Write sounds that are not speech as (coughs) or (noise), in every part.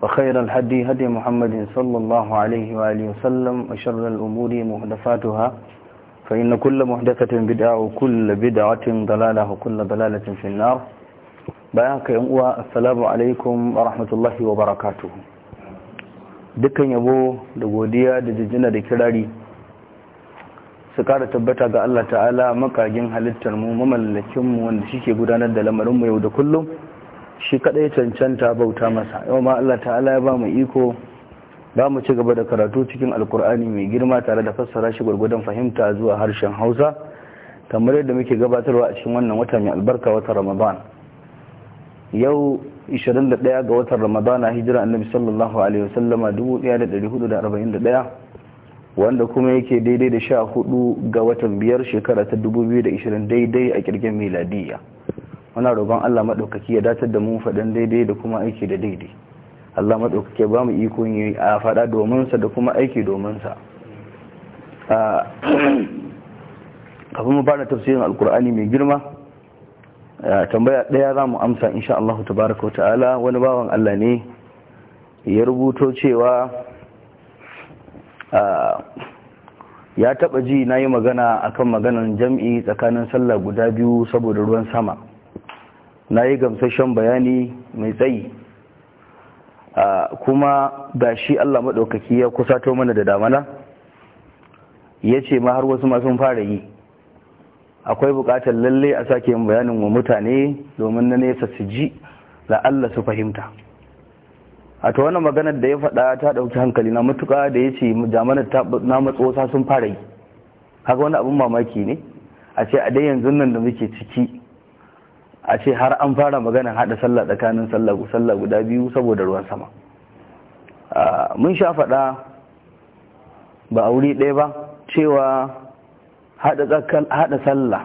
وخير الهدي هدي محمد صلى الله عليه وآله وسلم وشر الأمور محدثاتها فإن كل محدثة بدعة وكل بدعة ضلالة وكل ضلالة في النار بياك يمؤى السلام عليكم ورحمة الله وبركاته dukkan yabo da godiya da jijjina da kirari su kara tabbata ga Allah ta'ala makagin halittar mu mamallakin mu wanda shike gudanar da lamarin mu yau da kullum shi kadai cancanta bauta masa yau ma Allah ta'ala ya ba mu iko ba mu ci gaba da karatu cikin alkur'ani mai girma tare da fassara shi gwargwadon fahimta zuwa harshen hausa kamar yadda muke gabatarwa a cikin wannan wata mai albarka watan ramadan yau 21 ga watan ramadana hijira annabi sallallahu alaihi wasallama 1441 wanda kuma yake daidai da 14 ga watan biyar shekara ta 2020 daidai a kirgin miladiyya muna roƙon Allah maɗaukaki ya datar da mu faɗin daidai da kuma aiki da daidai Allah maɗaukaki ba mu iko yi a faɗa domin sa da kuma aiki domin sa (clears throat) kafin mu fara tafsirin alkur'ani mai girma tambaya ɗaya za mu amsa insha Allah tabaraka wa ta'ala wani bawan Allah ne ya rubuto cewa ya taɓa ji na yi magana akan maganan jam'i tsakanin sallah guda biyu saboda ruwan sama na yi gamsashen bayani mai tsayi kuma ga shi Allah maɗaukaki ya kusato mana da damana ya ce ma har wasu masu fara yi akwai buƙatar lalle a sake yin bayanin wa mutane domin na nesa su ji da Allah su fahimta a ta wani maganar da ya faɗa ta ɗauki hankali na matuƙa da ya ce jamanar na matsosa sun fara yi haka wani abin mamaki ne a ce a dai yanzu nan da muke ciki a ce har an fara magana hada sallah tsakanin sallah guda biyu saboda ruwan sama mun sha faɗa ba a wuri ɗaya ba cewa hada sallah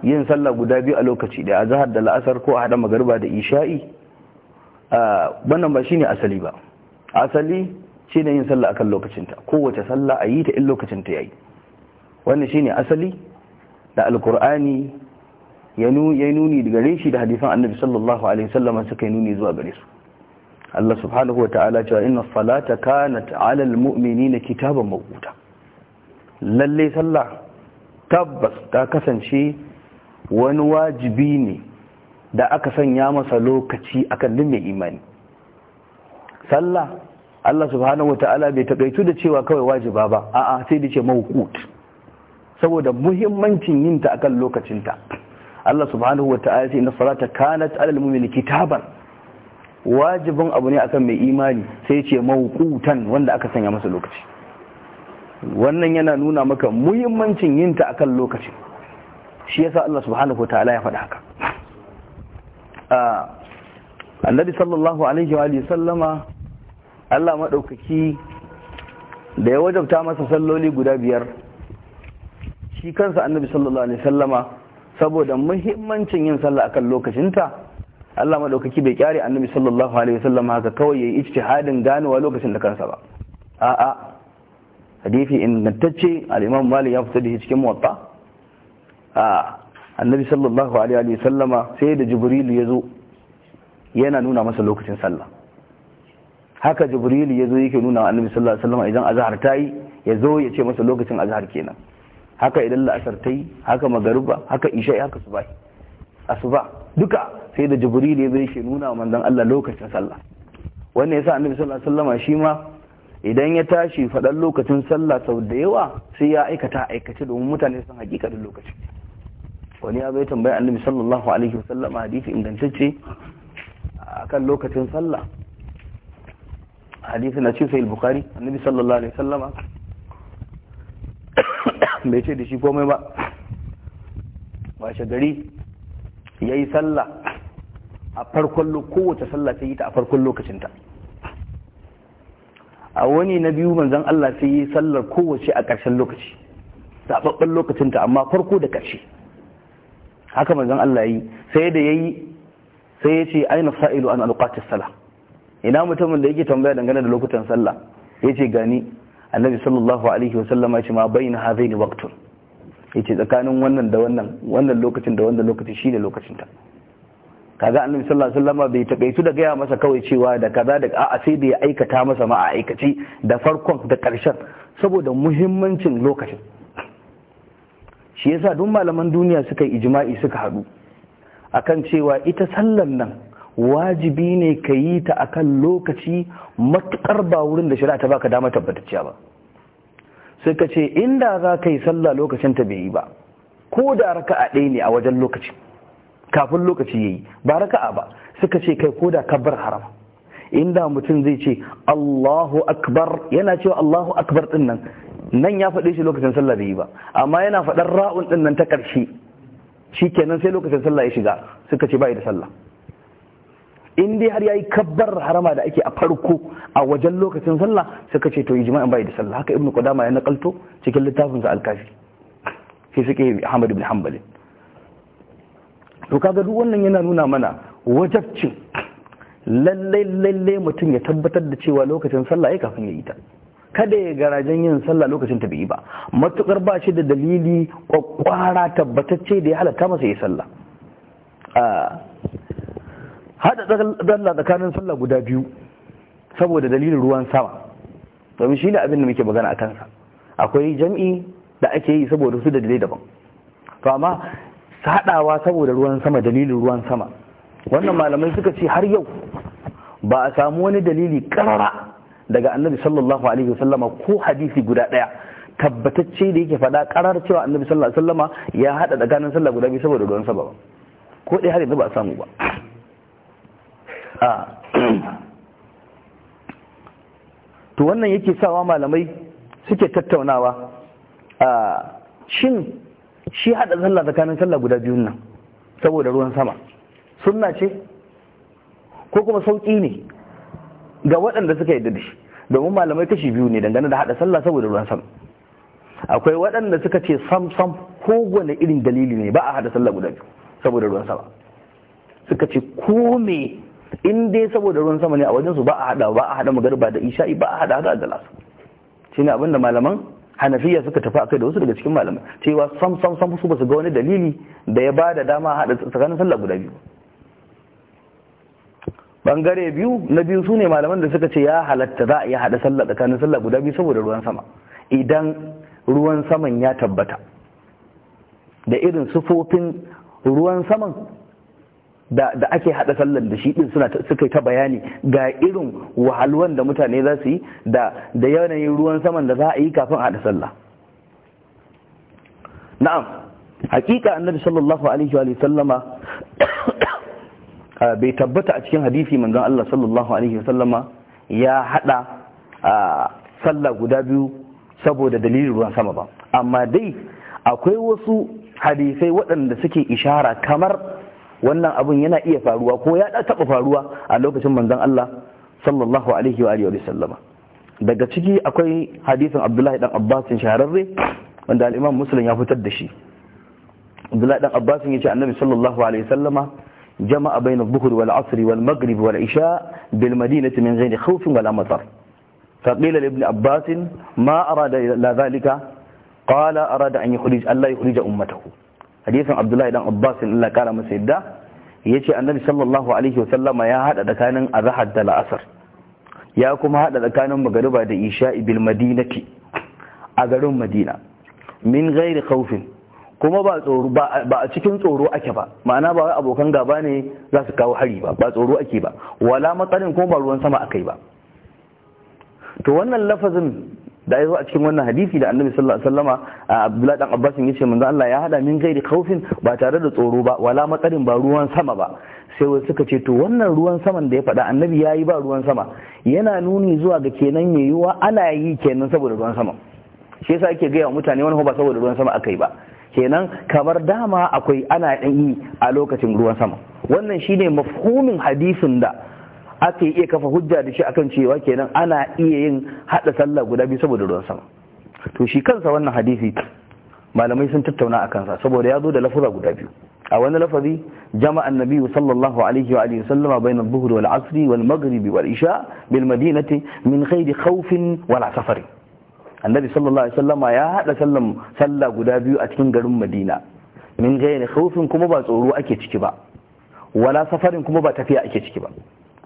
yin sallah guda biyu a lokaci da a zahar da la'asar ko a hada magarba da isha'i wannan ba shine asali ba asali ne yin sallah akan lokacinta kowace sallah a yi ta in lokacinta ya yi. wannan shine asali da alkur'ani ya nuni gare shi da hadisan annabi sallallahu alaihi wasallam suka yi nuni zuwa gare su Allah subhanahu wa ta'ala cewa inna salata kanat 'ala al kitaban mawquta lalle sallah tabbas ta kasance wani wajibi ne da aka sanya masa lokaci akan duk imani sallah Allah subhanahu wa ta'ala bai takaitu da cewa kawai wajiba ba a'a sai da ce mawqut saboda muhimmancin yin ta akan lokacinta Allah subhanahu wa ta'ala sai inna salata kanat alal mu'mini kitaban wajibin abu ne akan mai imani sai ce mawqutan wanda aka sanya masa lokaci wannan yana nuna maka muhimmancin yin ta akan lokaci shi yasa Allah subhanahu wa ta'ala ya faɗa haka annabi sallallahu alaihi wa sallama Allah maɗaukaki da ya wajabta masa salloli guda biyar shi kansa annabi sallallahu alaihi sallama saboda muhimmancin yin sallah akan lokacinta Allah madaukaki bai kyare annabi sallallahu alaihi wasallam haka kawai yayi ijtihadin ganowa lokacin da kansa ba a'a hadisi ingantacce al-Imam Malik ya fita da shi cikin muwatta a annabi sallallahu alaihi wasallama sai da Jibril ya zo yana nuna masa lokacin sallah haka Jibril ya zo yake nuna annabi sallallahu alaihi wasallama idan azhar ta yi ya zo ya ce masa lokacin azhar kenan haka idan la'asar ta yi haka magariba haka isha haka suba asuba duka sai da jibril ya zai shi nuna wa manzon Allah lokacin sallah wannan yasa annabi sallallahu alaihi wasallama shi ma idan ya tashi faɗan lokacin sallah sau da yawa sai ya aikata aikace domin mutane sun hakikatin lokacin, wani ya zai tambaya annabi sallallahu alaihi wasallam hadisi ingantacce akan lokacin sallah hadisi na cikin sahih bukhari annabi sallallahu alaihi wasallama bai ce da shi komai ba washe gari ya yi sallah a farkon kowace sallah sai yi ta a farkon lokacinta a wani na biyu manzan Allah sai yi tsallar kowace a ƙarshen lokaci zaɓaɓɓen lokacinta amma farko da ƙarshe haka manzan Allah yi sai da ya yi sai ya ce aina sa'ilu an alƙatis tsalla ina mutumin da yake tambaya dangane da lokutan sallah ya ce gani annabi sallallahu alaihi wasallam ya ce ma bayna waqtun yace tsakanin wannan da wannan wannan lokacin da wannan lokacin shine lokacin ta kaga annabi sallallahu alaihi wasallam bai takaitu da gaya masa kawai cewa da kaza da a'a sai da ya aikata masa ma a aikaci da farkon da karshen saboda muhimmancin lokacin shi yasa duk malaman duniya suka yi ijma'i suka hadu akan cewa ita sallan nan wajibi ne ka yi ta akan lokaci matuƙar ba wurin da shari'a ta baka dama tabbatacciya ba sai ka ce inda za ka yi sallah lokacin ta bai yi ba ko da raka'a ɗaya ne a wajen lokaci kafin lokaci ya yi ba raka'a ba suka ce kai ko da ka bar haram inda mutum zai ce Allahu akbar yana cewa Allahu akbar din nan nan ya faɗe shi lokacin sallah bai yi ba amma yana faɗar ra'un din nan ta ƙarshe shikenan sai lokacin sallah ya shiga suka ce bai da sallah in dai har yayi kabbar harama da ake a farko a wajen lokacin sallah suka ce to ijma'in bai da sallah haka ibnu qudama ya nakalto cikin littafin sa al-kafi sai suke Ahmad ibn Hanbal to kaga duk wannan yana nuna mana wajabcin lalle lalle mutum ya tabbatar da cewa lokacin sallah ya kafin ya yi ta kada ya garajen yin sallah lokacin ta bai ba matukar ba shi da dalili kwakwara tabbatacce da ya halatta masa ya sallah ah, hada dalla tsakanin sallah guda biyu saboda dalilin ruwan sama domin shi ne abin da muke magana a kansa akwai jam'i da ake yi saboda su da dalilai daban to amma haɗawa saboda ruwan sama dalilin ruwan sama wannan malamai suka ce har yau ba a samu wani dalili karara daga annabi sallallahu alaihi wasallama ko hadisi guda ɗaya tabbatacce da yake faɗa karar cewa annabi sallallahu alaihi wasallama ya haɗa tsakanin sallah guda biyu saboda ruwan sama ba ko dai har yanzu ba a samu ba a to wannan yake sawa malamai suke tattaunawa a shin shi hada sallah tsakanin sallah guda biyun nan saboda ruwan sama sunna ce ko kuma sauƙi ne ga waɗanda suka yi dadi domin malamai kashi biyu ne dangane da hada sallah saboda ruwan sama akwai waɗanda suka ce sam sam kowane irin dalili ne ba a hada sallah guda biyu saboda ruwan sama suka ce ko me in dai saboda ruwan sama ne a wajensu ba a hada ba a hada magarba da isha'i ba a hada hada da lasu shi ne abinda malaman hanafiya suka tafi akai da wasu daga cikin malaman cewa sam sam sam su ba su ga wani dalili da ya ba da dama a hada tsakanin sallah guda biyu bangare biyu na biyu su ne malaman da suka ce ya halatta za a iya hada sallah tsakanin sallah guda biyu saboda ruwan sama idan ruwan saman ya tabbata da irin sufofin ruwan saman da ake hada sallar da shi din suna suka ta bayani ga irin wahalwan da mutane za su yi da da yanayin ruwan saman da za a yi kafin hada sallah na'am hakika annabi sallallahu alaihi wa sallama (coughs) bai tabbata a cikin hadisi manzon Allah sallallahu alaihi wa sallama ya hada sallah guda biyu saboda dalilin ruwan sama ba amma dai akwai wasu hadisai waɗanda suke ishara kamar wannan abun yana iya faruwa ko ya taɓa faruwa a lokacin manzan Allah sallallahu alaihi wa alihi wa sallama daga ciki akwai hadisin Abdullahi dan Abbas shahararre wanda al-Imam Muslim ya fitar da shi Abdullahi dan Abbas ce Annabi sallallahu alaihi wa sallama jama'a bayna adh-dhuhr wal 'asr wal maghrib wal 'isha bil madinati min ghairi khawfin wala matar فقيل لابن عباس ما أراد إلا ذلك قال أراد أن يخرج الله يخرج أمته hadisin abdullahi dan abbas Allah kara masa yadda ce annabi sallallahu alaihi wasallama ya hada tsakanin azhar da la'asar ya kuma hada tsakanin magariba da isha bil madinati a garin madina min ghairi khawfin kuma ba tsoro ba a cikin tsoro ake ba ma'ana ba abokan gaba ne za su kawo hari ba ba tsoro ake ba wala matsalin kuma ba ruwan sama akai ba to wannan lafazin da ya zo a cikin wannan hadisi da annabi sallallahu alaihi wasallama abdullahi dan abbas yace manzo Allah ya hada min gairi khaufin ba tare da tsoro ba wala matsarin ba ruwan sama ba sai wasu suka ce to wannan ruwan saman da ya faɗa annabi yayi ba ruwan sama yana nuni zuwa ga kenan yayuwa ana yi kenan saboda ruwan sama shi yasa ake gaya wa mutane wani ba saboda ruwan sama akai ba kenan kamar dama akwai ana yi a lokacin ruwan sama wannan shine mafhumin hadisin da aka iya kafa hujja da shi akan cewa kenan ana iya yin hada sallah guda biyu saboda ruwan sama to shi kansa wannan hadisi malamai sun tattauna a kansa saboda ya zo da lafuza guda biyu a wani lafazi jama'an nabi sallallahu alaihi wa alihi sallama bayan al-dhuhr wal asr wal maghrib wal isha bil madinati min ghairi khawfin wala safari annabi sallallahu alaihi ya hada sallam sallah guda biyu a cikin garin madina min ghairi khawfin kuma ba tsoro ake ciki ba wala safarin kuma ba tafiya ake ciki ba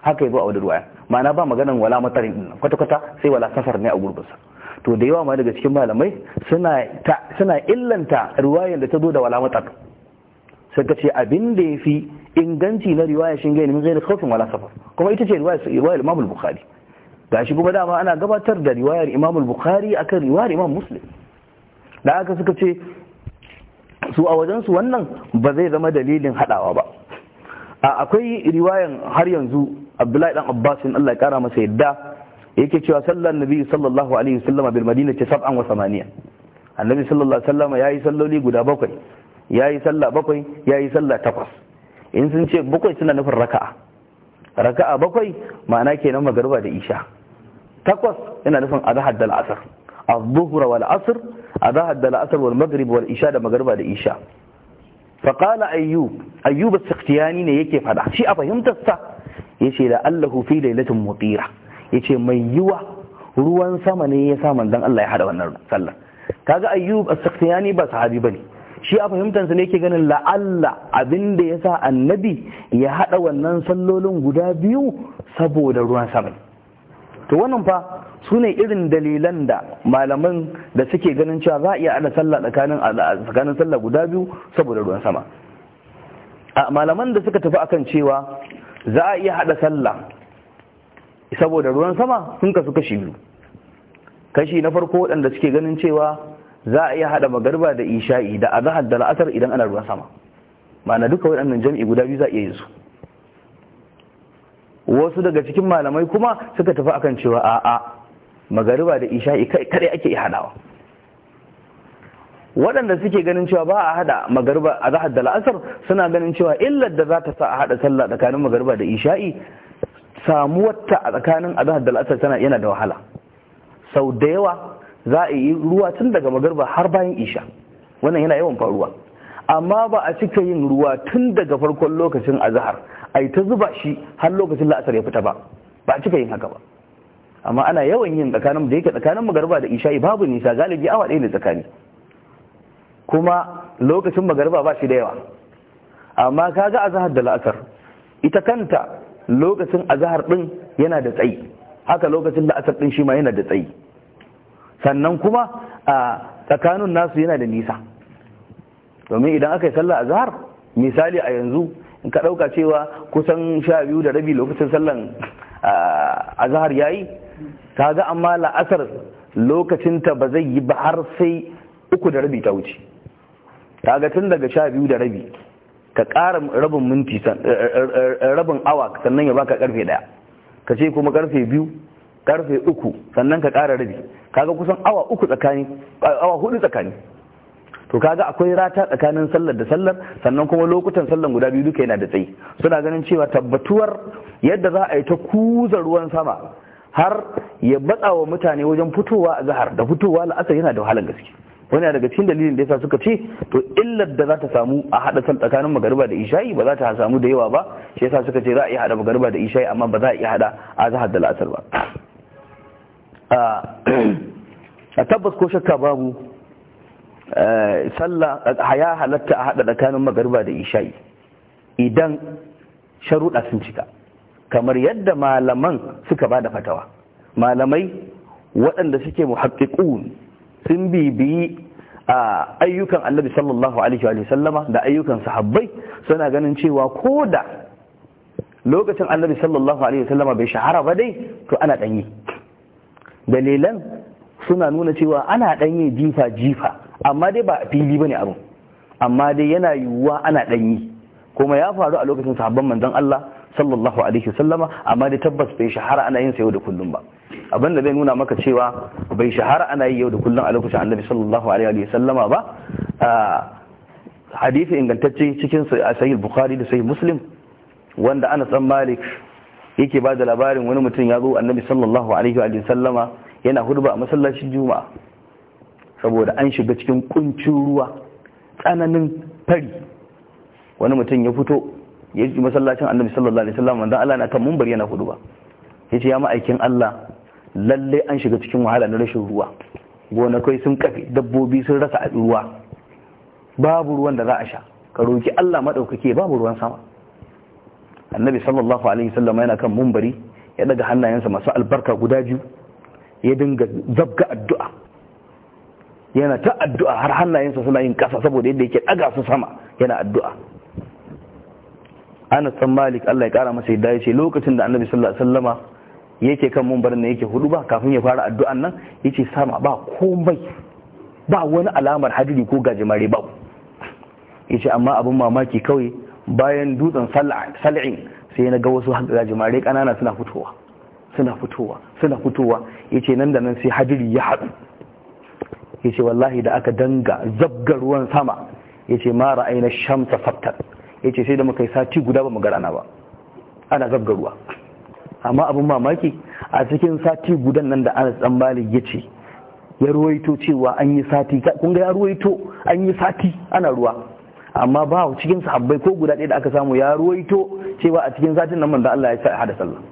haka zo a wadda ruwaya. ma'ana ba maganan wala matarin din kwata kwata sai wala safar ne a gurbinsa to da yawa ma daga cikin malamai suna illanta ruwayan da ta zo da wala matar sai ka ce abin da yafi inganci na riwaya shi gani min zai kaufin wala safar kuma ita ce ruwaya Imam bukhari gashi kuma dama ana gabatar da riwayar Imam bukhari akan riwayar Imam Muslim da aka suka ce su a wajensu wannan ba zai zama dalilin hadawa ba akwai riwayan har yanzu abdullahi dan abbas in Allah ya kara masa yadda yake cewa sallar nabi sallallahu alaihi wasallam bil madina ce sab'an wa samaniya annabi sallallahu alaihi wasallam yayi salloli guda bakwai yayi sallah bakwai yayi sallah takwas in sun ce bakwai suna nufin raka'a raka'a bakwai ma'ana kenan magariba da isha takwas yana nufin azhar da al'asr az-dhuhr wal asr azhar da al'asr wal maghrib wal isha da magariba da isha faƙala ayyub ayyub sakhtiyani ne yake fada shi a fahimtarsa yace ce da allahu fi lailatin mutira Yace mai yuwa ruwan sama ne ya sa manzon allah ya hada wannan sallar kaga ayyub sakhtiyani ba sahabi bane shi a fahimtarsa ne yake ganin la'alla abin da ya sa annabi ya hada wannan sallolin guda biyu saboda ruwan sama ne to wannan fa su ne irin dalilan da malaman da suke ganin cewa za a iya ada sallah tsakanin sallah guda biyu saboda ruwan sama a malaman da suka tafi akan cewa za a iya hada sallah saboda ruwan sama sun kasu kashi biyu kashi na farko waɗanda suke ganin cewa za a iya hada magarba da isha'i da azahar da la'asar idan ana ruwan sama ma'ana duka waɗannan jam'i guda biyu za a iya yin su wasu daga cikin malamai kuma suka tafi akan cewa a'a magariba da isha'i kadai ake hadawa waɗanda suke ganin cewa ba a hada magariba a zahar da la'asar suna ganin cewa illar da za ta sa a hada sallah tsakanin magariba da isha'i samuwarta a tsakanin a zahar da la'asar tana yana da wahala sau da yawa za a yi ruwa tun daga magariba har bayan isha wannan yana yawan faruwa amma ba a cika yin ruwa tun daga farkon lokacin azahar a yi ta zuba shi har lokacin la'asar ya fita ba ba a cika yin haka ba amma ana yawan yin tsakanin da yake tsakanin magarba da isha'i babu nisa galibi awa ɗaya ne tsakani kuma lokacin magarba ba shi da yawa amma kaga azahar da la'asar ita kanta lokacin azahar ɗin yana da tsayi haka lokacin la'asar ɗin shi ma yana da tsayi sannan kuma a tsakanin nasu yana da nisa domin idan aka yi sallah a zahar misali a yanzu in ka ɗauka cewa kusan sha biyu da rabi lokacin sallan a zahar yayi ka ga amma la'asar lokacinta ba zai yi ba har sai uku da rabi ta wuce ka ga tun daga sha biyu da rabi ka ƙara rabin minti eh, eh, eh, rabin awa sannan ya baka karfe ɗaya ka ce kuma karfe biyu karfe uku sannan ka ƙara rabi kaga kusan awa uku tsakani awa hudu tsakani to kaga akwai rata tsakanin sallar da sallar sannan kuma lokutan sallar guda biyu duka yana da tsayi suna ganin cewa tabbatuwar yadda za a yi ta kuza ruwan sama har ya batsa wa mutane wajen fitowa a zahar da fitowa la'asar yana da wahalar gaske wani daga cikin dalilin da yasa suka ce to illar da za ta samu a haɗa san tsakanin magariba da isha'i ba za ta samu da yawa ba shi yasa suka ce za a iya haɗa magariba da isha'i amma ba za a iya haɗa a zahar da la'asar ba ah, (clears throat) a tabbas ko shakka babu Eh, sallah ya halatta a haɗa tsakanin magariba da isha'i idan sharuɗa sun cika kamar yadda malaman suka ba da fatawa malamai waɗanda suke muhaƙiƙun sun bibiyi a ayyukan annabi sallallahu alaihi wa sallama da ayyukan sahabbai suna ganin cewa ko da lokacin annabi sallallahu alaihi wa sallama bai shahara ba dai to ana ɗanyi dalilan suna nuna cewa ana ɗanyi jifa jifa amma dai ba a fili bane abin amma dai yana yiwuwa ana danyi kuma ya faru a lokacin sahabban manzon Allah sallallahu alaihi wasallama amma dai tabbas bai shahara ana yin sa yau da kullum ba abin da zai nuna maka cewa bai shahara ana yi yau da kullum a lokacin annabi sallallahu alaihi wasallama ba hadisi ingantacce cikin sahih bukhari da sahih muslim wanda ana san malik yake ba da labarin wani mutum ya zo annabi sallallahu alaihi wasallama yana ba a masallacin juma'a saboda an shiga cikin kuncin ruwa tsananin fari wani mutum ya fito ya ji masallacin annabi sallallahu alaihi wasallam wanda Allah na kan mumbar yana hudu ba yace ya ma aikin Allah lalle an shiga cikin wahala na rashin ruwa gona kai sun kafe dabbobi sun rasa ruwa babu ruwan da za a sha ka roki Allah madaukake babu ruwan sama annabi sallallahu alaihi wasallam yana kan mumbari ya daga hannayensa masu albarka guda biyu ya dinga zabga addu'a yana ta addu'a har hannayensa suna yin ƙasa saboda yadda yake ɗaga su sama yana addu'a ana san malik Allah ya ƙara masa yadda ce lokacin da annabi sallallahu alaihi wasallama yake kan mumbarin nan yake hudu ba kafin ya fara addu'an nan yace sama ba komai ba wani alamar hadiri ko gajimare ba yace amma abin mamaki kawai bayan dutsen sal'in sai na ga wasu gajimare kanana suna fitowa suna fitowa suna fitowa yace nan da nan sai hadiri ya haɗu yace wallahi da aka danga zabga ruwan sama yace ma aina shamsa fattar yace sai da muka yi sati guda ba mu garana ba ana zabga ruwa amma abin mamaki a cikin sati gudan nan da Anas dan Malik ce, ya ruwaito cewa an yi sati kun ya ruwaito an yi sati ana ruwa amma ba cikin sahabbai ko guda ɗaya da aka samu ya ruwaito cewa a cikin satin nan da Allah ya sa hada sallah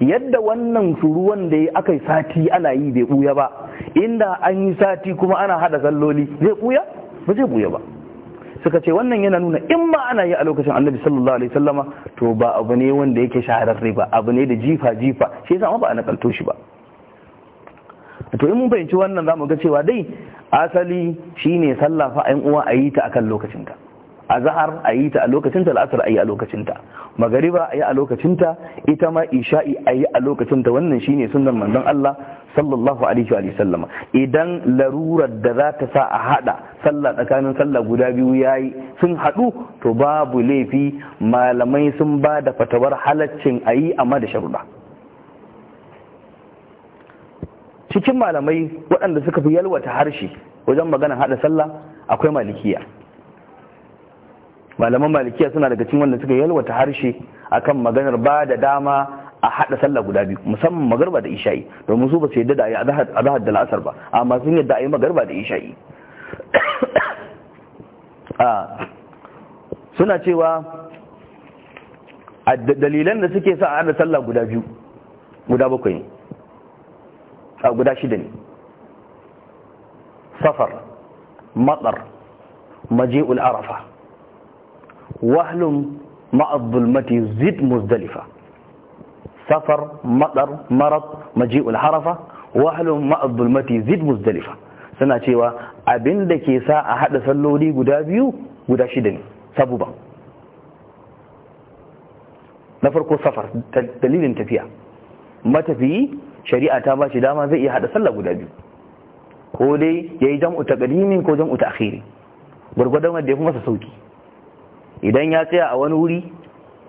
yadda wannan ruwan da aka yi sati ana yi bai buya ba inda an yi sati kuma ana hada salloli zai buya ba zai buya ba suka ce wannan yana nuna in ma ana yi a lokacin annabi sallallahu alaihi sallama to ba abu ne wanda yake shahararre ba abu ne da jifa jifa shi yasa ba a nakalto shi ba to in mun fahimci wannan zamu ga cewa dai asali shine sallah fa ayin uwa a yi ta akan lokacinta a zahar a yi ta a lokacinta la'asar a yi a lokacinta magariba a yi a lokacinta ita ma isha'i a yi a lokacinta wannan shi shine sunnar manzon Allah sallallahu alaihi wa sallama idan larurar da za ta sa a hada sallah tsakanin sallah guda biyu ya yi sun haɗu, to babu laifi malamai sun ba da fatawar halaccin a yi amma da sharuda cikin malamai waɗanda suka fi yalwata harshe wajen magana hada sallah akwai malikiya malaman malikiya suna daga cikin wanda suka yalwata harshe akan maganar ba da dama a hada sallah guda biyu musamman magarba da isha'i domin su ba su yadda da ayi azhar da la'asar ba amma sun yadda ayi magarba da isha'i (coughs) ah, suna cewa dalilan da suke sa a hada sallah guda biyu guda bakwai a guda shida ne safar matsar maji'ul arafa Wahlun ma'azzulmati zid muzdalifa safar madar marad maji'ul harafa Wahlun ma'azzulmati zid muzdalifa suna cewa abin da ke sa a hada salloli guda biyu guda shida ne sabuba na farko safar dalilin tafiya matafiyi shari'a ta ba shi dama zai iya hada sallah guda biyu ko dai yayi jam'u taqdimin ko jam'u ta'khiri gurgurdan da ya fi masa sauki idan ya tsaya a wani wuri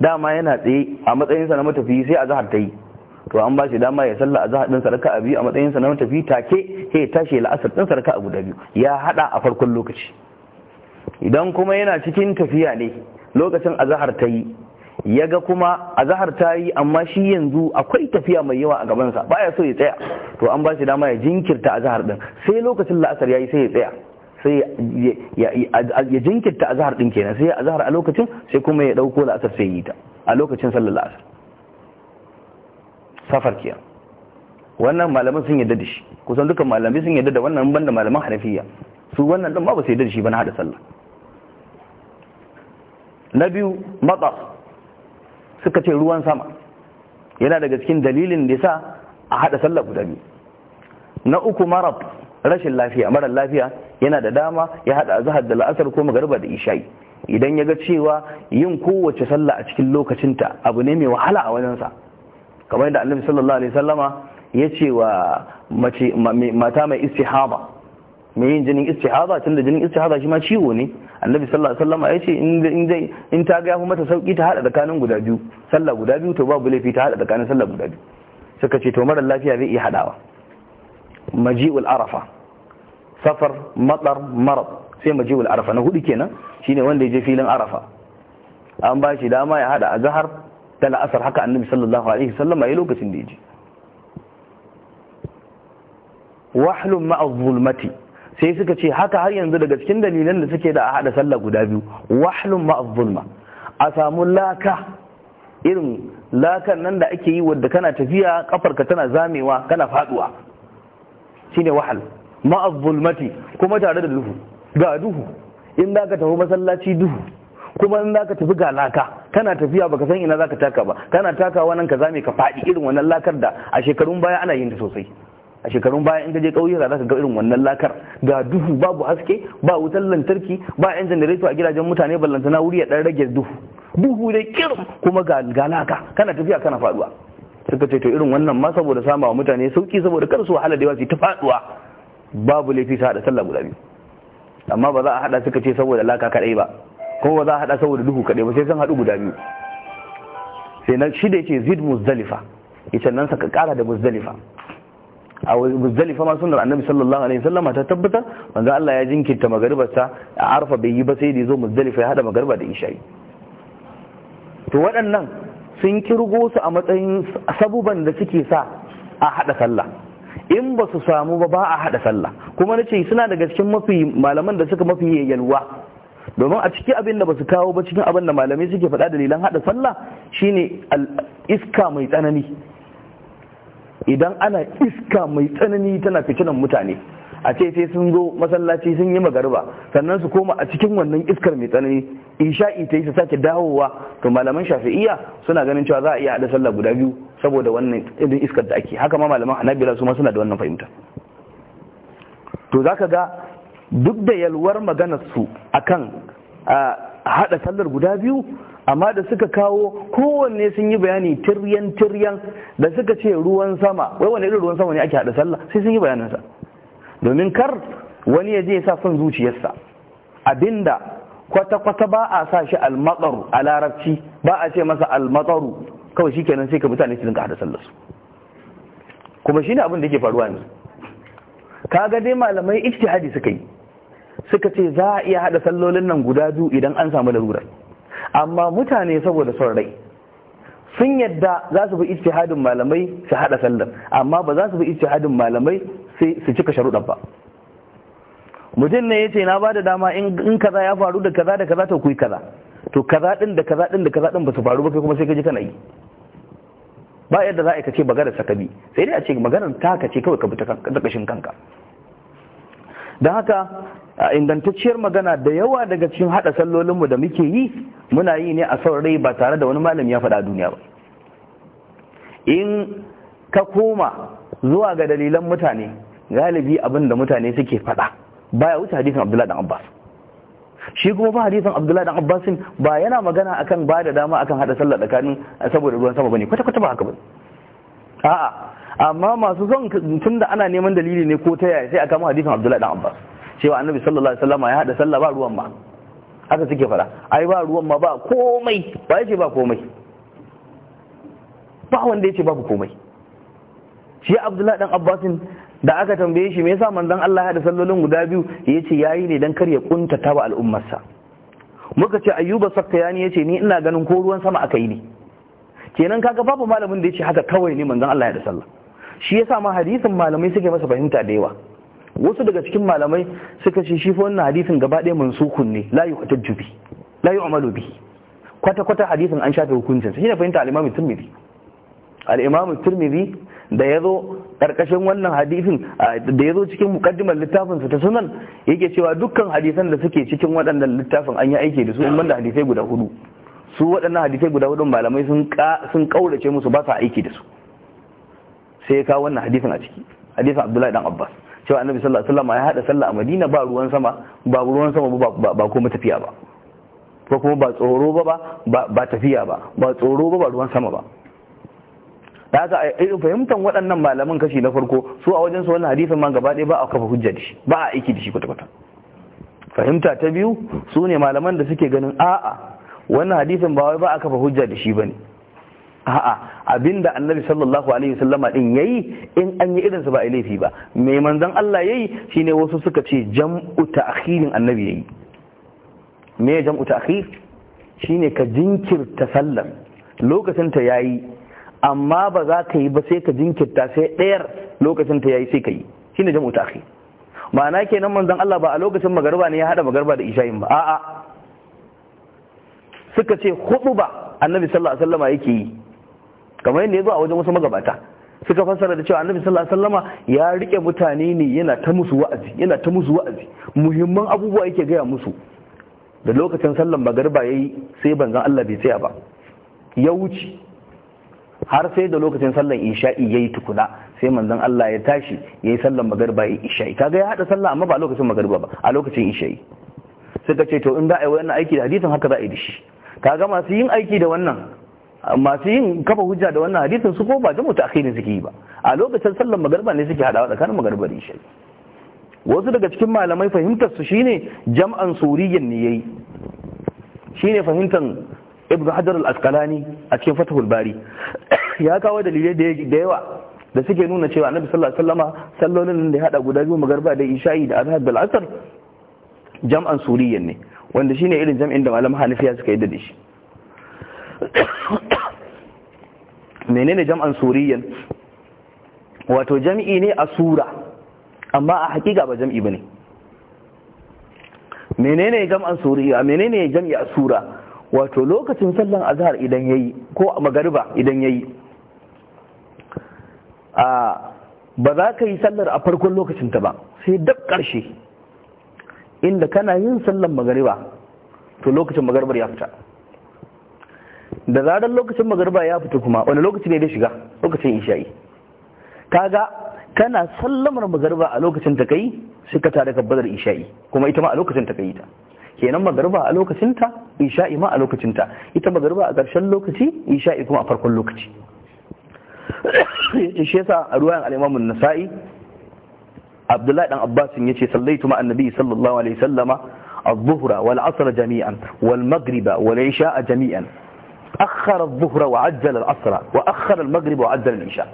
dama yana tsaye a matsayinsa na matafi sai a zahar ta yi to an ba shi dama ya salla a zahar ɗin sarka a biyu a matsayinsa na matafi take sai tashi la'asar ɗin sarka a guda biyu ya haɗa a farkon lokaci idan kuma yana cikin tafiya ne lokacin azahar ta yi ya ga kuma azahar ta yi amma shi yanzu akwai tafiya mai yawa a gabansa baya so ya tsaya to an ba shi dama ya jinkirta a zahar ɗin sai lokacin la'asar ya yi sai ya tsaya sai ya jinkirta azhar din kenan sai azhar a lokacin sai kuma ya dauko la'asar sai yi ta a lokacin sallar la'asar safar kiyan wannan malaman sun yadda da shi kusan dukan malami sun yadda da wannan banda malaman hanafiya su wannan ɗan ba ba sai yadda da shi ba na hada sallah na biyu matsar suka ce ruwan sama yana daga cikin dalilin da sa a hada sallah guda biyu na uku marab rashin lafiya mara lafiya yana da dama ya hada azhar da la'asar ko magariba da isha'i idan ya ga cewa yin kowace sallah a cikin lokacinta abu ne mai wahala a wajensa kamar yadda annabi sallallahu alaihi sallama ya ce wa mace mata mai istihaba mai yin jinin istihaba tun da jinin istihaba shi ma ciwo ne annabi sallallahu alaihi sallama ya ce in ta ga mata sauki ta hada tsakanin guda biyu sallah guda biyu to babu laifi ta hada tsakanin sallah guda biyu suka ce to mara lafiya zai iya hadawa maji'ul arafa safar matsar marad sai maji'ul arafa na hudu kenan shine wanda ya je filin arafa an ba shi dama ya hada a zahar da la'asar haka annabi sallallahu alaihi wasallam a lokacin da ya je wahlun ma'a sai suka ce haka har yanzu daga cikin dalilan da suke da a hada sallah guda biyu wahlun ma'a a samu laka irin lakan nan da ake yi wadda kana tafiya kafarka tana zamewa kana faduwa shine wahal ma'a zulmati kuma tare da duhu ga duhu in za ka tafi masallaci duhu kuma in za tafi ga laka kana tafiya baka san ina zaka taka ba kana takawa nan ka zame ka faɗi irin wannan lakar da a shekarun baya ana yin ta sosai a shekarun baya in ka je kauye za ka ga irin wannan lakar ga duhu babu haske ba wutar lantarki ba yan janareto a gidajen mutane ballantana wuri ya dan rage duhu duhu dai kirin kuma ga laka kana tafiya kana faduwa suka ce to irin wannan ma saboda sama wa mutane sauki saboda kar su wahala da yawa su ta faduwa babu laifi su hada sallah guda biyu amma ba za a hada suka ce saboda laka kadai ba kuma ba za a hada saboda duhu kadai ba sai sun hadu guda biyu sai na da yake zid muzdalifa yace nan saka kara da muzdalifa a muzdalifa ma sunnar annabi sallallahu alaihi wasallam ta tabbata manzo Allah ya jinkirta magribarsa a arfa bai yi ba sai da yazo muzdalifa ya hada magriba da isha'i to waɗannan sun kirgo su a matsayin sabuban da suke sa a haɗa sallah in ba su samu ba ba a haɗa sallah kuma na suna daga cikin mafi malaman da suka mafi yalwa domin a ciki abin da ba su kawo ba cikin abin da malamai suke faɗa dalilan haɗa sallah shine iska mai tsanani idan ana iska mai tsanani tana fitinan mutane a ce sai sun zo masallaci sun yi magariba sannan su koma a cikin wannan iskar mai tsanani isha'i ta yi su sake dawowa to malaman shafi'iya suna ganin cewa za a iya haɗa sallah guda biyu saboda wannan irin iskar da ake haka ma malaman hanabila su ma suna da wannan fahimta to za ka ga duk da yalwar maganar su akan haɗa sallar guda biyu amma da suka kawo kowanne sun yi bayani tiryan tiryan da suka ce ruwan sama wai wani irin ruwan sama ne ake haɗa sallah sai sun yi bayanansa. sa domin kar wani ya je sa son zuciyarsa abinda kwata-kwata ba a sa shi almatsaru a larabci ba a ce masa almatsaru kawai shi kenan sai ka mutane su dinka hada su kuma shi ne abin da yake faruwa ne kaga dai malamai ijtihadi suka yi suka ce za a iya hada sallolin nan guda biyu idan an samu larurar amma mutane saboda son rai sun yadda za su bi ijtihadin malamai su hada sallar amma ba za su bi ijtihadin malamai sai su cika sharuɗan ba mutum ne ya ce na ba da dama in kaza ya faru da kaza da kaza ta kuyi kaza to kaza din da kaza din da kaza din ba su faru ba kai kuma sai ka ji kana yi ba yadda za a yi ka ce maganar sa bi sai dai a ce magana ta ka ce kawai ka bi ta kashin kanka don haka a ingantacciyar magana da yawa daga cikin haɗa sallolinmu da muke yi muna yi ne a saurari ba tare da wani malami ya faɗa duniya ba in ka koma zuwa ga dalilan mutane galibi abin da mutane suke fada ba ya wuce hadisin abdullahi dan abbas shi kuma ba hadisin abdullahi dan abbas ba yana magana akan ba da dama akan hada sallah tsakanin eh, saboda ruwan sama bane kwata kwata ba haka bane a'a amma masu son tunda ana neman dalili ne ko ta yaya sai aka mu hadisin abdullahi dan abbas cewa annabi sallallahu alaihi wasallam ya hada sallah ba ruwan ma haka suke fara ai ba ruwan ma ba komai ba yace ba komai ba wanda yace babu komai shi abdullahi dan abbasin da aka tambaye shi me yasa manzon Allah ya da sallolin guda biyu yace yayi ne dan kar ya kuntata wa al'ummarsa muka ce ayyuba sakkayani yace ni ina ganin ko ruwan sama aka yi ne kenan kaga babu malamin da yace haka kawai ne manzon Allah ya da sallah shi yasa ma hadisin malamai suke masa fahimta da yawa wasu daga cikin malamai suka ce shi fa wannan hadisin gaba ɗaya mansukun ne la yuhtajju bi la yu'malu bi kwata kwata hadisin an shafe hukuncin shi ne fahimta al-Imam Tirmidhi al-Imam Tirmidhi da yazo karkashin wannan hadisin da ya zo cikin mukaddimar littafin ta sunan yake cewa dukkan hadisan da suke cikin waɗannan littafin an yi aiki da su in banda hadisai guda hudu su waɗannan hadisai guda hudu malamai sun kaurace musu ba sa aiki da su sai ya kawo wannan hadisin a ciki hadisin abdullahi dan abbas cewa annabi sallallahu alaihi wasallam ya hada sallah a madina ba ruwan sama ba ruwan sama ba ba kuma tafiya ba ko kuma ba tsoro ba ba ba tafiya ba ba tsoro ba ba ruwan sama ba da haka eh, irin fahimtar waɗannan malaman kashi na farko su a wajen su wannan hadisin ma gaba ɗaya ba a kafa hujja da shi ba a aiki da shi kwata-kwata fahimta ta biyu su ne malaman da suke ganin a'a wannan hadisin ba wai ba a kafa hujja da shi ba ne. a'a abinda annabi sallallahu alaihi wasallama din yayi in an yi su ba a laifi ba mai manzon Allah yayi shine wasu suka ce jam'u ta'khirin annabi yayi me jam'u ta'khir shine ka jinkirta sallar lokacin ta yayi amma ba za ka yi ba sai ka jinkirta sai ɗayar lokacin ta yayi sai ka yi ne jam'u ta'khir ma'ana kenan manzon Allah ba a lokacin magarba ne ya hada magarba da isha'in ba a'a suka ce hudu ba annabi sallallahu alaihi wasallama yake yi kamar yadda ya zo a wajen wasu magabata suka fassara da cewa annabi sallallahu alaihi wasallama ya rike mutane ne yana ta musu wa'azi yana ta musu wa'azi muhimman abubuwa yake gaya musu da lokacin sallan magarba yayi sai banzan Allah bai tsaya ba ya wuce har sai da lokacin sallan isha'i yayi tukuna sai manzon Allah ya tashi yayi sallan magarba yayi isha'i kaga ya hada sallah amma ba lokacin magarba ba a lokacin isha'i suka ce to in da ai wannan aiki da hadisin haka za a yi dashi kaga masu yin aiki da wannan masu yin kafa hujja da wannan hadisin su ko ba da mutu akhirin suke yi ba a lokacin sallan magarba ne suke hadawa tsakanin magarba da isha'i wasu daga cikin malamai fahimtar su shine jam'an suriyan ne yayi shine fahimtar ibn hajar al-asqalani a cikin fatahul bari (coughs) ya kawo dalilai da yawa da suke nuna cewa annabi sallallahu alaihi wasallama sallolin da ya hada guda biyu magarba da isha'i da azhar da asr jam'an suriyan ne wanda shine irin jam'in da malam hanafiya suka yi da shi (coughs) menene jam'an suriyan wato jam'i ne a sura amma a hakika ba jam'i bane menene jam'an suriya menene jam'i a sura wato lokacin sallan azhar idan yayi ko magariba idan yayi a ba za ka yi sallar a farkon lokacin ta ba sai dab ƙarshe inda kana yin sallan magariba to lokacin magaribar ya fita da zarar lokacin magariba ya fita kuma wani lokaci ne da shiga lokacin isha'i kaga kana sallamar magariba a lokacin ta kai sai ka tare ka badar isha'i kuma ita ma a lokacin ta kai ta kenan magariba a lokacin ta isha'i ma a lokacin ta ita magariba a ƙarshen lokaci isha'i kuma a farkon lokaci yace shi yasa a ruwayan al-Imam an-Nasa'i Abdullahi dan Abbas yace sallaitu ma annabi sallallahu alaihi sallama الظهر والعصر wa ajjala al-'asr wa akhkhara al العصر wa ajjala al العشاء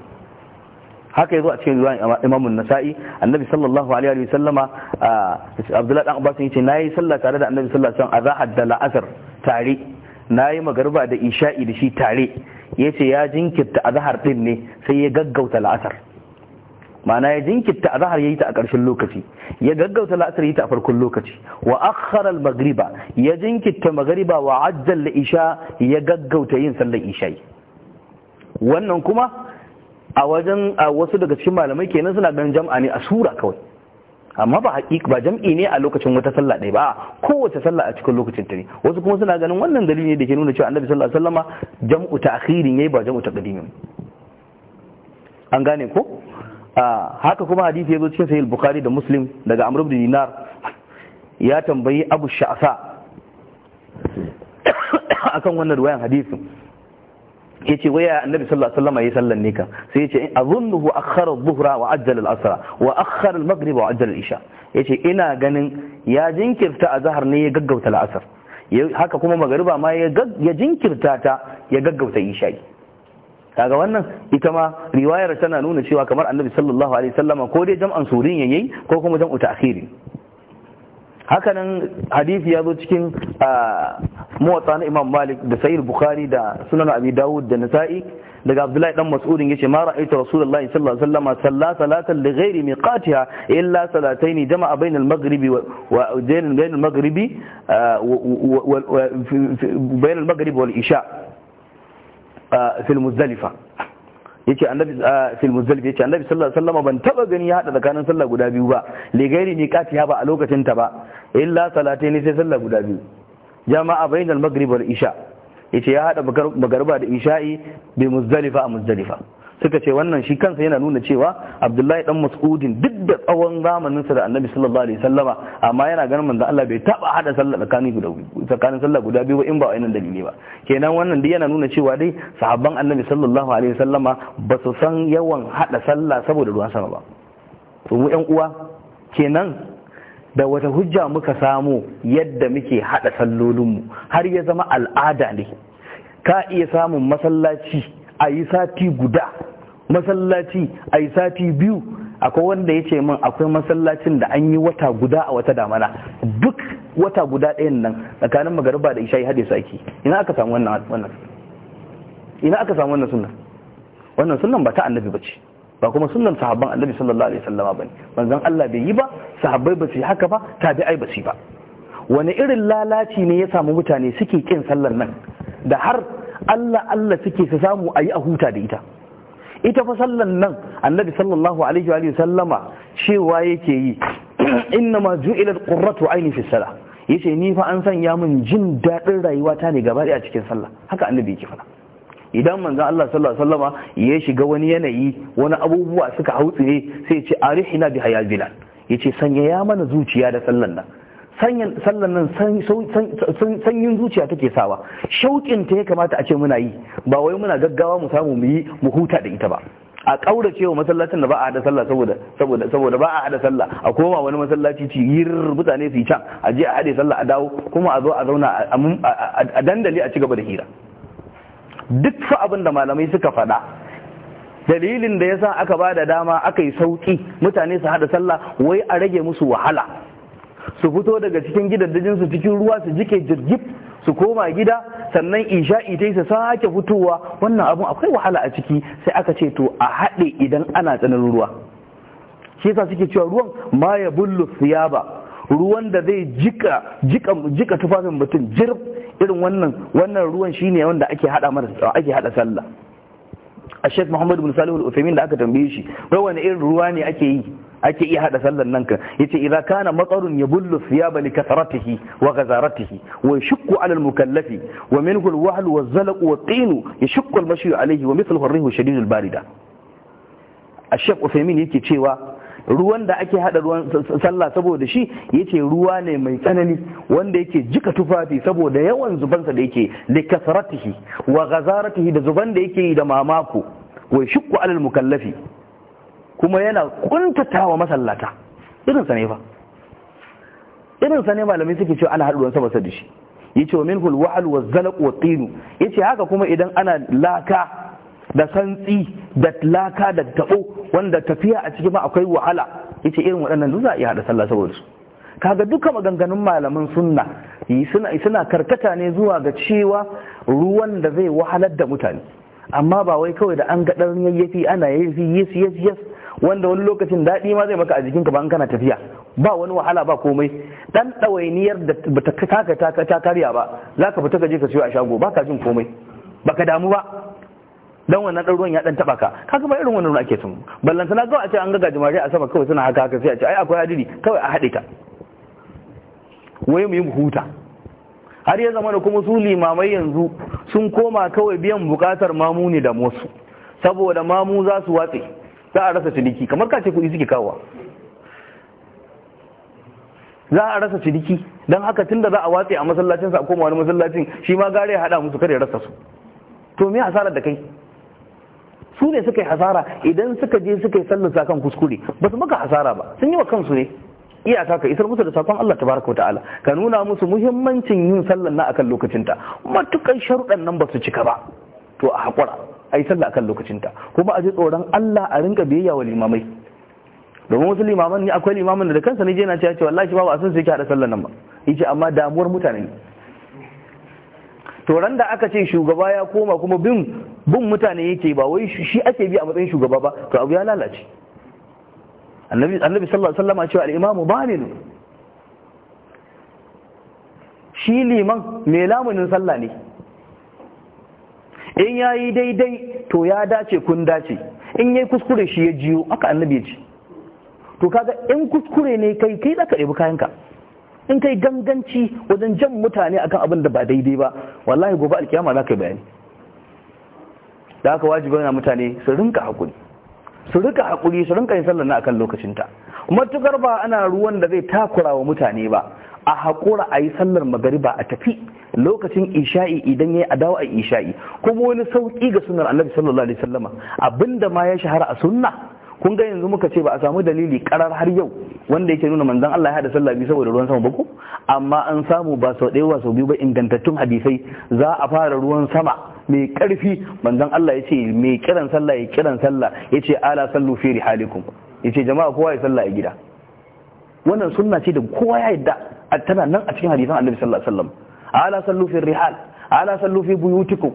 haka yazo a cikin riwayan Imam an-Nasa'i Annabi sallallahu alaihi wa sallama Abdullah dan Abbas yace nayi sallah tare da Annabi sallallahu alaihi wasallam azahad da la'asar tare nayi magruba da isha'i da shi tare yace ya jinkirta azhar din ne sai ya gaggauta la'asar ma'ana ya jinkirta azhar yayi ta a ƙarshen lokaci ya gaggauta la'asar yayi ta a farkon lokaci wa akhara al-maghriba ya jinkirta maghriba wa ajjal isha ya gaggauta yin sallar isha'i wannan kuma a wajen a wasu daga cikin malamai kenan suna ganin jam'a ne a sura kawai amma ba haƙiƙa ba jam'i ne a lokacin wata sallah ɗaya ba kowace sallah a cikin lokacin ta ne wasu kuma suna ganin wannan dalili ne da ke nuna cewa annabi sallallahu alaihi wasallama jam'u ta'khirin yayi ba jam'u taqdimin an gane ko haka kuma hadisi ya cikin sahih bukhari da muslim daga amr ibn dinar ya tambayi abu sha'sa (coughs) akan wannan ruwayan hadisin yace waya annabi sallallahu alaihi wasallam yi sallan ne ya sai yace zunnuhu akhara adh-dhuhra wa ajjala al-asra wa akhara al-maghrib wa ajjala al-isha yace ina ganin ya jinkirta azhar ne ya gaggauta al-asr haka kuma magariba ma ya jinkirta ta ya gaggauta isha kaga wannan ita ma riwayar tana nuna cewa kamar annabi sallallahu alaihi wasallam ko dai jam'an surin yayi ko kuma jam'u ta'khiri hakanan hadisi ya zo cikin ah, muwatta na imam malik da sayyid bukhari da sunan abi dawud da nasa'i daga abdullahi dan mas'udin yace ma ra'aytu rasulullahi sallallahu alaihi wasallam salla salatan li ghairi miqatiha illa salataini jama'a bainal maghribi wa bainal maghribi uh, bainal maghribi wal isha uh, fi muzdalifa yace annabi uh, fil muzdalifa yace annabi sallallahu alaihi wasallam ban taba gani ya hada tsakanin sallah guda biyu ba li ghairi miqatiha ba a lokacin ta ba illa salataini sai sallah guda biyu jama'a bainal maghrib wal isha yace ya hada magarba da isha'i bi muzdalifa a muzdalifa suka ce wannan shi kansa yana nuna cewa abdullahi dan mas'udin duk da tsawon zamanin sa da annabi sallallahu alaihi wasallama amma yana ganin manzo Allah bai taba hada sallah tsakanin guda tsakanin sallah guda biyu ba in ba wannan dalili ba kenan wannan duk yana nuna cewa dai sahabban annabi sallallahu alaihi wasallama ba su san yawan hada sallah saboda ruwan sama ba to mu yan uwa kenan da wata hujja muka samu yadda muke haɗa sallolinmu har ya zama al'ada ne ka iya samun masallaci a yi sati guda masallaci a yi sati biyu akwai wanda ya ce min akwai masallacin da an yi wata guda a wata damana duk wata guda ɗayan nan tsakanin magariba da isha haɗe saki ina aka samu wannan wannan ina aka samu wannan sunan wannan sunan ba ta annabi ba ce ba kuma sunan sahabban annabi sallallahu alaihi wasallama bane manzon Allah bai yi ba sahabbai ba su yi haka ba tabi'ai ba su yi ba wani irin lalaci ne ya samu mutane suke kin sallar nan da har Allah Allah suke su samu ayi a huta da ita ita fa sallan nan annabi sallallahu alaihi wa sallama cewa yake yi (clears throat) inna ma ju'ila qurratu aini fi salah yace ni fa an sanya min jin dadin rayuwa ta ne gaba a cikin sallah haka annabi yake faɗa idan manzan Allah sallallahu alaihi wasallama ya shiga wani yanayi wani abubuwa suka hau hautsire sai ya ce arihina bi hayal bilal yace sanya ya mana zuciya da sallan nan sallan nan sanyin zuciya take sawa shauƙin ta ya kamata a ce muna yi ba wai muna gaggawa mu samu mu yi mu huta da ita ba a ƙaura cewa masallacin da ba a hada sallah saboda ba a hada sallah a koma wani masallaci ci yir mutane su yi can a je a hade sallah a dawo kuma a zo a zauna a dandali a ci gaba da hira duk fa abin da malamai suka faɗa dalilin da ya sa aka ba da dama aka yi sauki mutane su haɗa sallah wai a rage musu wahala su fito daga cikin gidan su cikin ruwa su jike jirgin su koma gida sannan isha'i ta su sake fitowa wannan abin akwai wahala a ciki sai aka ce to a haɗe idan ana tsananin ruwa shi yasa suke cewa ruwan ma ya bullu siyaba ruwan da zai jika jika jika tufafin mutum jirf irin wannan wannan ruwan shine wanda ake hada mar ake hada sallah a Sheikh Muhammad bin Salih al da aka tambaye shi wai wani irin ruwa ne ake yi ake iya hada sallan nan kan yace idza kana matarun yabullu thiyaba li kathratihi wa ghazaratihi wa yashqu ala al mukallafi wa minhu al wahl wa zalq wa tin yashqu al mashi alayhi wa mithluhu ar-rih shadid al barida Sheikh Uthaymeen yake cewa ruwan da ake hada ruwan sallah saboda shi yace ruwa ne mai tsanani wanda yake jika tufafi saboda yawan zubansa da yake likasratihi wa ghazaratihi da zuban da yake da mamako wa shukku alal mukallafi kuma yana kuntatawa masallata irin sa ne fa irin sa ne malamai suke cewa ana haɗuwan sama sa da shi yace wa minhul wa'al wa zalq wa tin yace haka kuma idan ana laka da santsi da laka da taɓo wanda tafiya a cikin akwai wahala yace irin waɗannan duk za a iya hada sallah saboda su kaga duka maganganun malaman sunna suna karkata ne zuwa ga cewa ruwan da zai wahalar da mutane amma ba wai kawai da an ga ɗan yayyafi ana yayyafi yes yes yes wanda wani lokacin daɗi ma zai maka a jikinka ba an kana tafiya ba wani wahala ba komai dan ɗawainiyar da bata kaka ta karya ba za ka fita ka je ka siyo a shago ba ka jin komai ka damu ba dan wannan dan ruwan ya dan taba ka kaga mai irin wannan ruwan ake sun ballanta na ga a ce an ga gajimare a sama kawai suna haka haka sai a ce ai akwai hadiri kawai a hade ta wai mu yi huta har ya zama da kuma su limamai yanzu sun koma kawai biyan bukatar mamu ne da musu saboda mamu za su watse za a rasa ciniki kamar ka ce kuɗi suke kawowa za a rasa ciniki don haka tun da za a watse a masallacinsa a koma wani masallacin shi ma gare ya haɗa musu kada ya rasa su to me asarar da kai su ne suka yi hasara idan suka je suka yi sallar sakan kuskure ba su maka hasara ba sun yi wa kansu ne iyaka ka isar musu da sakon Allah tabaraka ta'ala ka nuna musu muhimmancin yin sallar na akan lokacinta matukan sharuɗan nan ba su cika ba to a haƙura a yi akan lokacinta kuma a ji tsoron Allah a rinka biyayya wa limamai domin wasu limaman ne akwai limamin da kansa ne je na cewa wallahi ba a san sai ki hada sallar nan ba yace amma damuwar mutane to ran da aka ce shugaba ya koma kuma bin bin mutane yake ba wai shi ake bi a matsayin shugaba ba to abu ya lalace annabi annabi sallallahu alaihi wasallam cewa al-imamu balil shi liman me lamunin sallah ne in yayi daidai to ya dace kun dace in yayi kuskure shi ya jiyo aka annabi ya ce to kaga in kuskure ne kai kai zaka ɗebi kayanka in kai ganganci wajen jan mutane akan abin da ba daidai ba wallahi gobe alkiyama za ka yi bayani da haka wajibi na mutane su rinka hakuri su rinka hakuri su rinka yin sallar na akan lokacinta matukar ba ana ruwan da zai takura wa mutane ba a haƙura a yi sallar magariba a tafi lokacin isha'i idan ya yi adawa a isha'i kuma wani sauƙi ga sunar annabi sallallahu alaihi wasallama abinda ma ya shahara a sunna kun ga yanzu muka ce ba a samu dalili karar har yau wanda yake nuna manzon Allah ya hada sallah biyu saboda ruwan sama ba ko amma an samu ba sau ɗaya ba sau biyu ba ingantattun hadisai za a fara ruwan sama mai karfi manzon Allah ya ce mai kiran sallah ya kiran sallah ya ce ala sallu fi rihalikum ya ce jama'a kowa ya sallah a gida wannan sunna ce da kowa ya yadda tana nan a cikin hadisan annabi sallallahu alaihi wasallam ala sallu fi rihal ala sallu fi buyutikum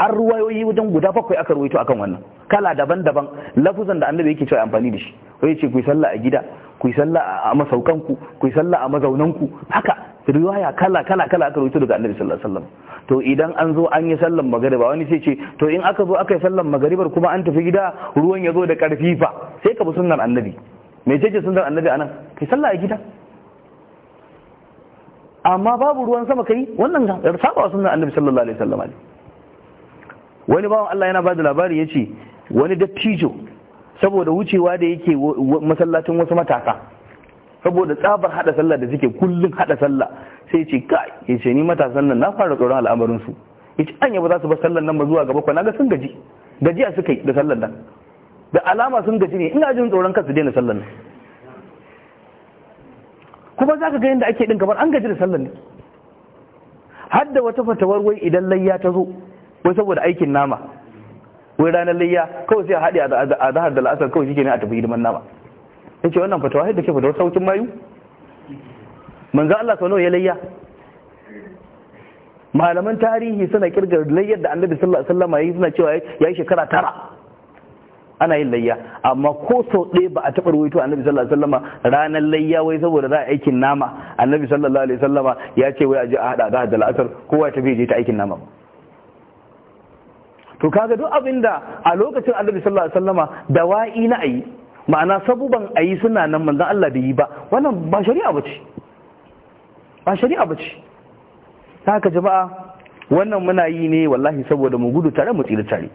har ruwayoyi wajen guda bakwai aka ruwaito akan wannan kala daban-daban lafuzan da annabi yake cewa amfani da shi wai ce ku yi sallah a gida ku yi sallah a masaukan ku ku yi sallah a mazaunan ku haka riwaya kala kala kala aka ruwaito daga annabi sallallahu alaihi wasallam to idan an zo an yi sallan magariba wani sai ce to in aka zo aka yi sallan magaribar kuma an tafi gida ruwan ya zo da karfi fa sai ka bi sunnar annabi me ce ce sunnar annabi anan kai sallah a gida amma babu ruwan sama kai wannan ga, saba wa sunnar annabi sallallahu alaihi wasallam wani bawan Allah yana ba da labari ya ce wani dattijo saboda wucewa da yake masallacin wasu matasa saboda tsabar hada sallah da suke kullum hada sallah sai ce ka ya ce ni matasan nan na fara tsoron al'amarin su ya ce an yaba za su bar sallah nan ba zuwa gaba ko ga sun gaji gajiya suka yi da sallah nan da alama sun gaji ne ina jin tsoron kansu daina sallah nan kuma za ka ga yadda ake din kamar an gaji da sallah nan har da wata fatawar wai idan layya ta zo wai saboda aikin nama wai ranar layya kawai sai a haɗe a zahar da la'asar kawai shike ne a tafi hidiman nama ya ce wannan fatawa yadda ke fatawar saukin mayu manzan Allah sau nawa ya layya malaman tarihi suna kirgar layyar da annabi sallallahu alaihi wasallam yayi suna cewa yayi shekara tara ana yin layya amma ko sau ɗaya ba a taɓa ruwaito annabi sallallahu alaihi wasallam ranar layya wai saboda za a aikin nama annabi sallallahu alaihi wasallam ya ce wai a je a hada da al'asar kowa ta je ta aikin nama ba. to kaga duk abinda a lokacin annabi sallallahu alaihi wasallama dawa'i na ayi ma'ana sabuban ayi suna nan manzon Allah da yi ba wannan ba shari'a bace ba shari'a bace haka jama'a wannan muna yi ne wallahi saboda mu gudu tare mu tsira tare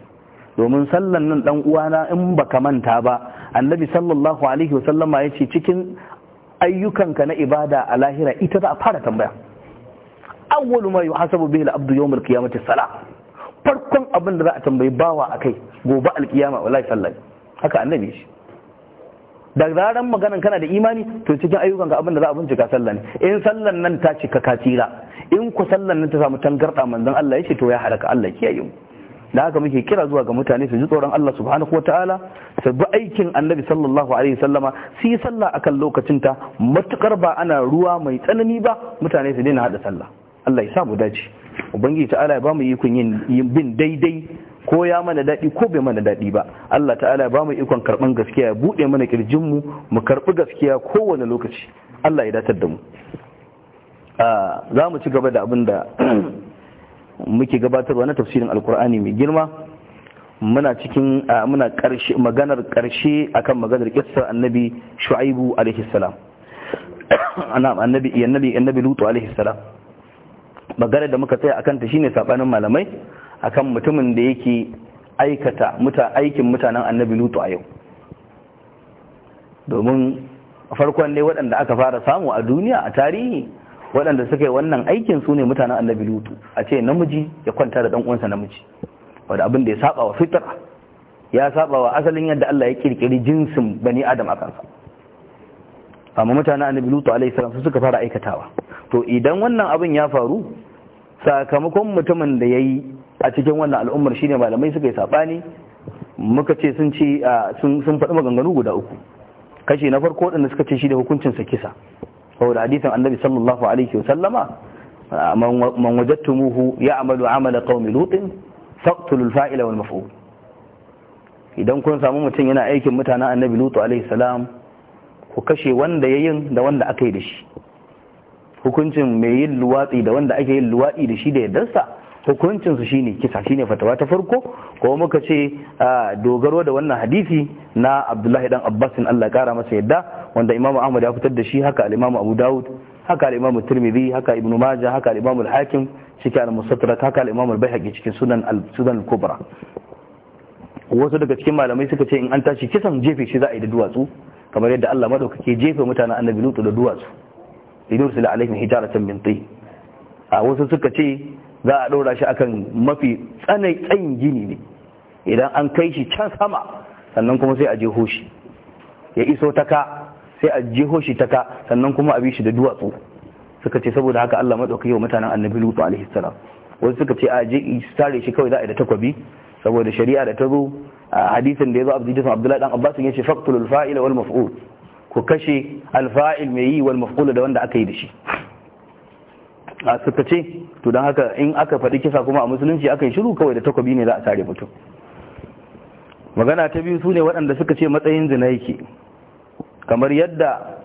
domin sallan nan dan uwana in baka manta ba annabi sallallahu alaihi wasallama yace cikin ayyukanka na ibada a lahira ita za a fara tambaya awwalu ma yuhasabu bihi al-abdu yawm al-qiyamati salat farkon abin da za a tambayi bawa a kai gobe alkiyama laifin lai haka annabi shi da zaran maganan kana da imani to cikin ayyukan ka abin da za a bincika sallah ne in sallar nan ta cika katira in ku sallan nan ta samu tangarda manzon Allah ya ce to ya halaka Allah kiyaye mu da haka muke kira zuwa ga mutane su ji tsoron Allah subhanahu wa ta'ala su bi aikin annabi sallallahu alaihi sallama su yi sallah akan lokacinta matukar ba ana ruwa mai tsanani ba mutane su daina hada sallah Allah ya sa mu dace ubangiji ta'ala ya bamu ikon yin bin daidai ko ya mana daɗi ko bai mana daɗi ba Allah ta'ala ya bamu ikon karɓan gaskiya ya buɗe mana kirjin mu mu karɓi gaskiya kowane lokaci Allah ya datar da mu ah, za mu ci gaba da abin da (clears throat) muke gabatarwa na tafsirin alkur'ani mai girma muna cikin ah, muna karshe maganar karshe akan maganar kissar annabi shu'aibu alaihi salam (coughs) annabi annabi annabi lutu alaihi salam maganar da muka tsaya kanta shi shine sabanin malamai akan mutumin da yake aikata muta aikin mutanen annabi lutu a yau domin farkon ne waɗanda aka fara samu a duniya a tarihi waɗanda suka yi wannan aikin su ne mutanen annabi lutu a ce namiji ya kwanta da ɗan'uwansa namiji wadda abin da ya saba wa fitra ya saba wa asalin yadda Allah ya kirkiri jinsin bani adam a kansa amma mutanen annabi lutu alaihi salam su suka fara aikatawa to idan wannan abin ya faru sakamakon mutumin da ya yi a cikin wannan al'ummar shine malamai suka yi saɓani muka ce sun ce sun faɗi maganganu guda uku kashi na farko waɗanda suka ce shi da hukuncinsa kisa saboda hadisin annabi sallallahu alaihi wa sallama man wajadtumuhu ya'malu amala qaumi lutin faqtul fa'ila wal maf'ul idan kun samu mutum yana aikin mutanen annabi lutu alaihi salam ku kashe wanda yayin da wanda aka yi da shi hukuncin mai yin luwatsi da wanda ake yin luwatsi da shi da yardarsa hukuncin su shine kisa shine fatawa ta farko ko muka ce dogaro da wannan hadisi na Abdullahi dan Abbas in Allah kara masa yadda wanda Imam Ahmad ya fitar da shi haka al-Imam Abu Dawud haka al-Imam Tirmidhi haka Ibn Majah haka al-Imam al-Hakim cikin al-Mustadrak haka al-Imam al-Baihaqi cikin Sunan al-Sunan al-Kubra wasu daga cikin malamai suka ce in an tashi kisan jefe shi za a yi da duwatsu kamar yadda Allah madaukake jefe mutanen annabi Lutu da duwatsu idursila alaihim hijaratan min tin a wasu suka ce za a ɗora shi akan mafi tsanai tsayin gini ne idan an kai shi can sama sannan kuma sai a jeho shi ya iso ta ka sai a jeho shi ta ka sannan kuma a bi shi da duwatsu suka ce saboda haka Allah madaukaki wa mutanen annabi lutu alaihi salam wasu suka ce a je sare shi kawai za a yi da takwabi saboda shari'a da ta zo a hadisin da ya zo abdullahi dan abbas ya ce faqtul fa'ila wal maf'ul ku kashe alfa'il mai yi wal maf'ul da wanda aka yi da shi a suka ce to don haka in aka faɗi kisa kuma a musulunci aka yi shiru kawai da takobi ne za a sare mutum magana ta biyu su ne waɗanda suka ce matsayin zina yake kamar yadda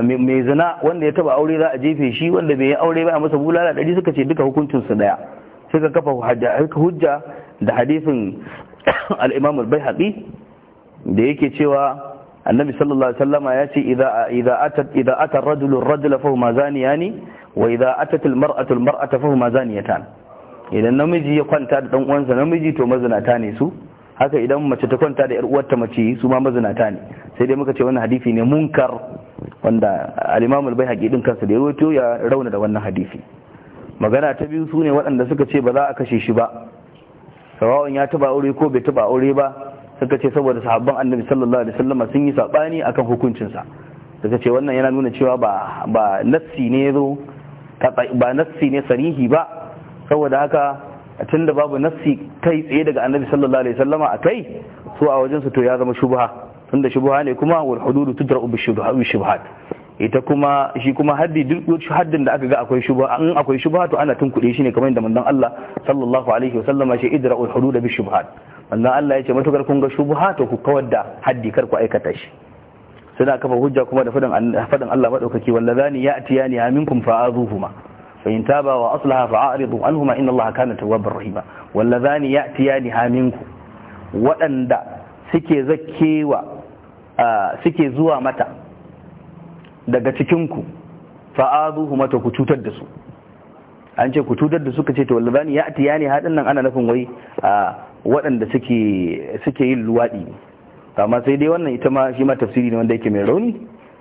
mai zina wanda ya taba aure za a jefe shi wanda bai yi aure ba a masa bulala ɗari suka ce duka hukuncinsu ɗaya suka kafa hujja da hadisin (coughs) al'imamul bai haɗi da yake cewa annabi sallallahu alaihi wasallama ya ce idza idza atat idza atar rajulu ar fa huma zaniyani wa idza atat al-mar'atu al-mar'ata fa huma zaniyatan idan namiji ya kwanta da dan uwansa namiji to mazinata ne su haka idan mace ta kwanta da yar uwarta mace su ma mazinata ne sai dai muka ce wannan hadisi ne munkar wanda al imamu al-baihaqi din kansa da ya rawaito ya rauna da wannan hadisi magana ta biyu su ne waɗanda suka ce ba za a kashe shi ba sawa'un ya taba aure ko bai taba aure ba suka ce saboda sahabban annabi sallallahu alaihi wasallam sun yi sabani akan hukuncinsa suka ce wannan yana nuna cewa ba ba nassi ne zo ba nassi ne sarihi ba saboda haka tunda babu nassi kai tsaye daga annabi sallallahu alaihi wasallam a kai su a wajen su to ya zama shubha tunda shubha ne kuma wal hududu tudra'u bi shubhat ita kuma shi kuma haddi duk haddin da aka ga akwai shubha in akwai shubha to ana tunkuɗe shi ne kamar yadda manzon Allah sallallahu alaihi wasallama shi al hududa bi shubhat Allah Allah ya ce matukar kun ga shubha to ku kawar da haddi kar ku aikata shi suna kafa hujja kuma da fadan Allah madaukaki wallazani ya'tiyani aminkum fa'azuhuma fa in taba wa aslaha fa'aridu anhuma inna Allah kana tawwabur rahima wallazani ya'tiyani haminku waɗanda suke zakkewa suke zuwa mata daga cikin ku fa'azuhuma to ku cutar da su an ce ku cutar da suka ce to wallazani ya'tiyani hadin nan ana nufin wai waɗanda suke yin luwaɗi amma sai dai wannan ita ma shi ma tafsiri ne wanda yake mai rauni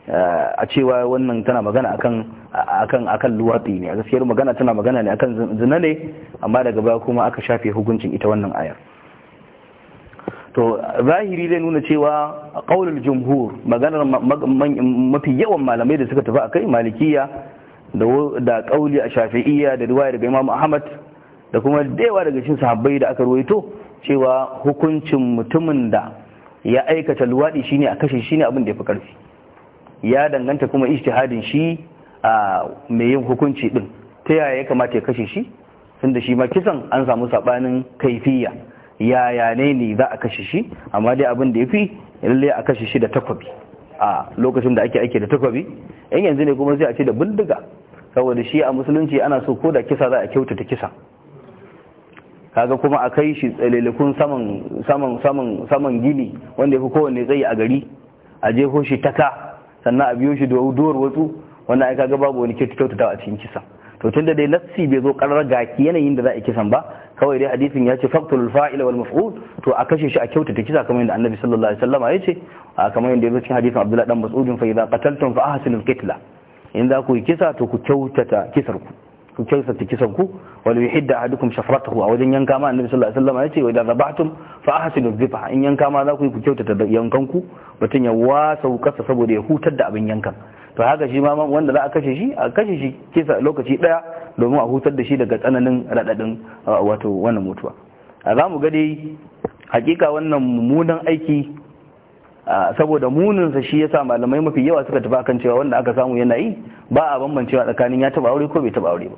eh, a cewa wannan tana magana akan akan luwaɗi ne a gaskiyar magana tana magana ne akan zina ne amma daga baya kuma aka shafe hukuncin ita wannan ayar to zahiri zai nuna cewa a ƙaunar jumhur maganar mafi yawan malamai da suka tafi a kai, malikiya da ƙauli a shafi'iyya da Ruwaya daga Imam Ahmad da kuma daewa daga cin sahabbai da aka ruwaito cewa hukuncin mutumin da ya aikata luwaɗi shine a kashe shine abin da ya fi ƙarfi ya danganta kuma ijtihadin shi a mai yin hukunci din ta yaya ya kamata ya kashe shi da shi ma kisan an samu saɓanin kaifiya yaya ne ne za a kashe shi amma dai abin da ya fi lalle a kashe shi da takwabi a lokacin da ake ake da takwabi yan yanzu ne kuma zai a ce da bindiga saboda shi a musulunci ana so ko da kisa za a kyautata kisa kaga kuma a kai shi tsalilikun saman gini wanda yafi kowanne tsayi a gari a jeho shi taka sannan a biyo shi da dowar wasu wannan ai kaga babu wani kyautatawa a cikin kisa to tun da dai nassi bai zo karar gaki yanayin da za a kisan ba kawai dai hadisin ya ce faqtul fa'il wal maf'ul to a kashe shi a kyautata kisa kamar yadda annabi sallallahu alaihi wasallama ya ce kamar yadda ya zo cikin hadisin abdullahi dan mas'udin fa idza qataltum fa ahsinul qitla in za ku yi kisa to ku kyautata kisar ku ku kyautata kisan ku wal yuhidda ahadukum shafratahu a wajen yanka ma annabi sallallahu alaihi wasallam yace wa idan zabahtum fa ahsinu dhifa in yanka ma za ku yi ku kyautata yankan ku mutun ya wasa kasa saboda ya hutar da abin yankan to haka shi ma wanda za a kashe shi a kashe shi kisa lokaci daya domin a hutar da shi daga tsananin radadin wato wannan mutuwa a za mu ga dai hakika wannan mummunan aiki saboda muninsa shi yasa malamai mafi yawa suka tafi akan cewa wanda aka samu yana yi ba a bambancewa tsakanin ya taba aure ko bai taba aure ba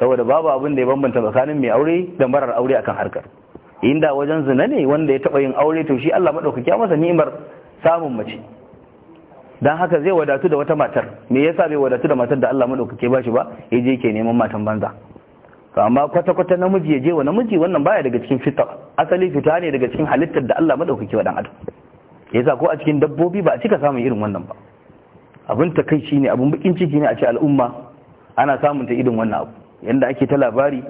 saboda babu abin da ya bambanta tsakanin mai aure da marar aure akan harkar inda wajen zina ne wanda ya taba yin aure to shi Allah madaukaki ya masa ni'imar samun mace dan haka zai wadatu da wata matar me yasa bai wadatu da matar da Allah madaukaki ba shi ba ya je ke neman matan banza to amma kwata kwata namiji ya je wa namiji wannan baya daga cikin fita asali fita ne daga cikin halittar da Allah madaukaki wa dan adam yasa ko a cikin dabbobi ba a cika samun irin wannan ba abin takaici ne abin bakin ciki ne a ce al'umma ana samun ta irin wannan abu Yadda ake ta labari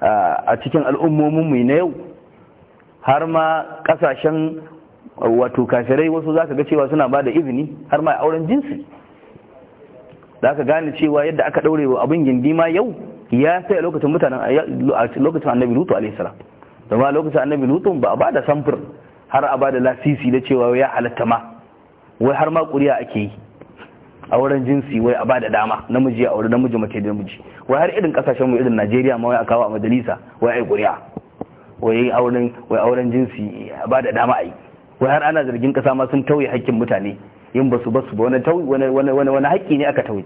a cikin al'ummomin mu na yau har ma kasashen wato kafirai wasu za ka ga cewa suna ba da izini har ma auren jinsi Za ka gane cewa yadda aka ɗaure wa abin gindima yau ya sai lokacin mutanen lokacin annabi lutu alaihi salam da ma lokacin annabi lutu ba a ba da samfur har a bada lasisi da cewa ya halatta ma wai har ma ƙuri'a ake yi a wurin jinsi wai a bada dama namiji a wurin namiji mace da namiji wai har irin kasashen mu irin Najeriya ma wai a kawo a majalisa wai ai ƙuri'a wai auren wai wurin jinsi a bada dama ai wai har ana zargin kasa ma sun tauye haƙƙin mutane yin basu basu ba wani tauye wani wani wani haƙƙi ne aka tauye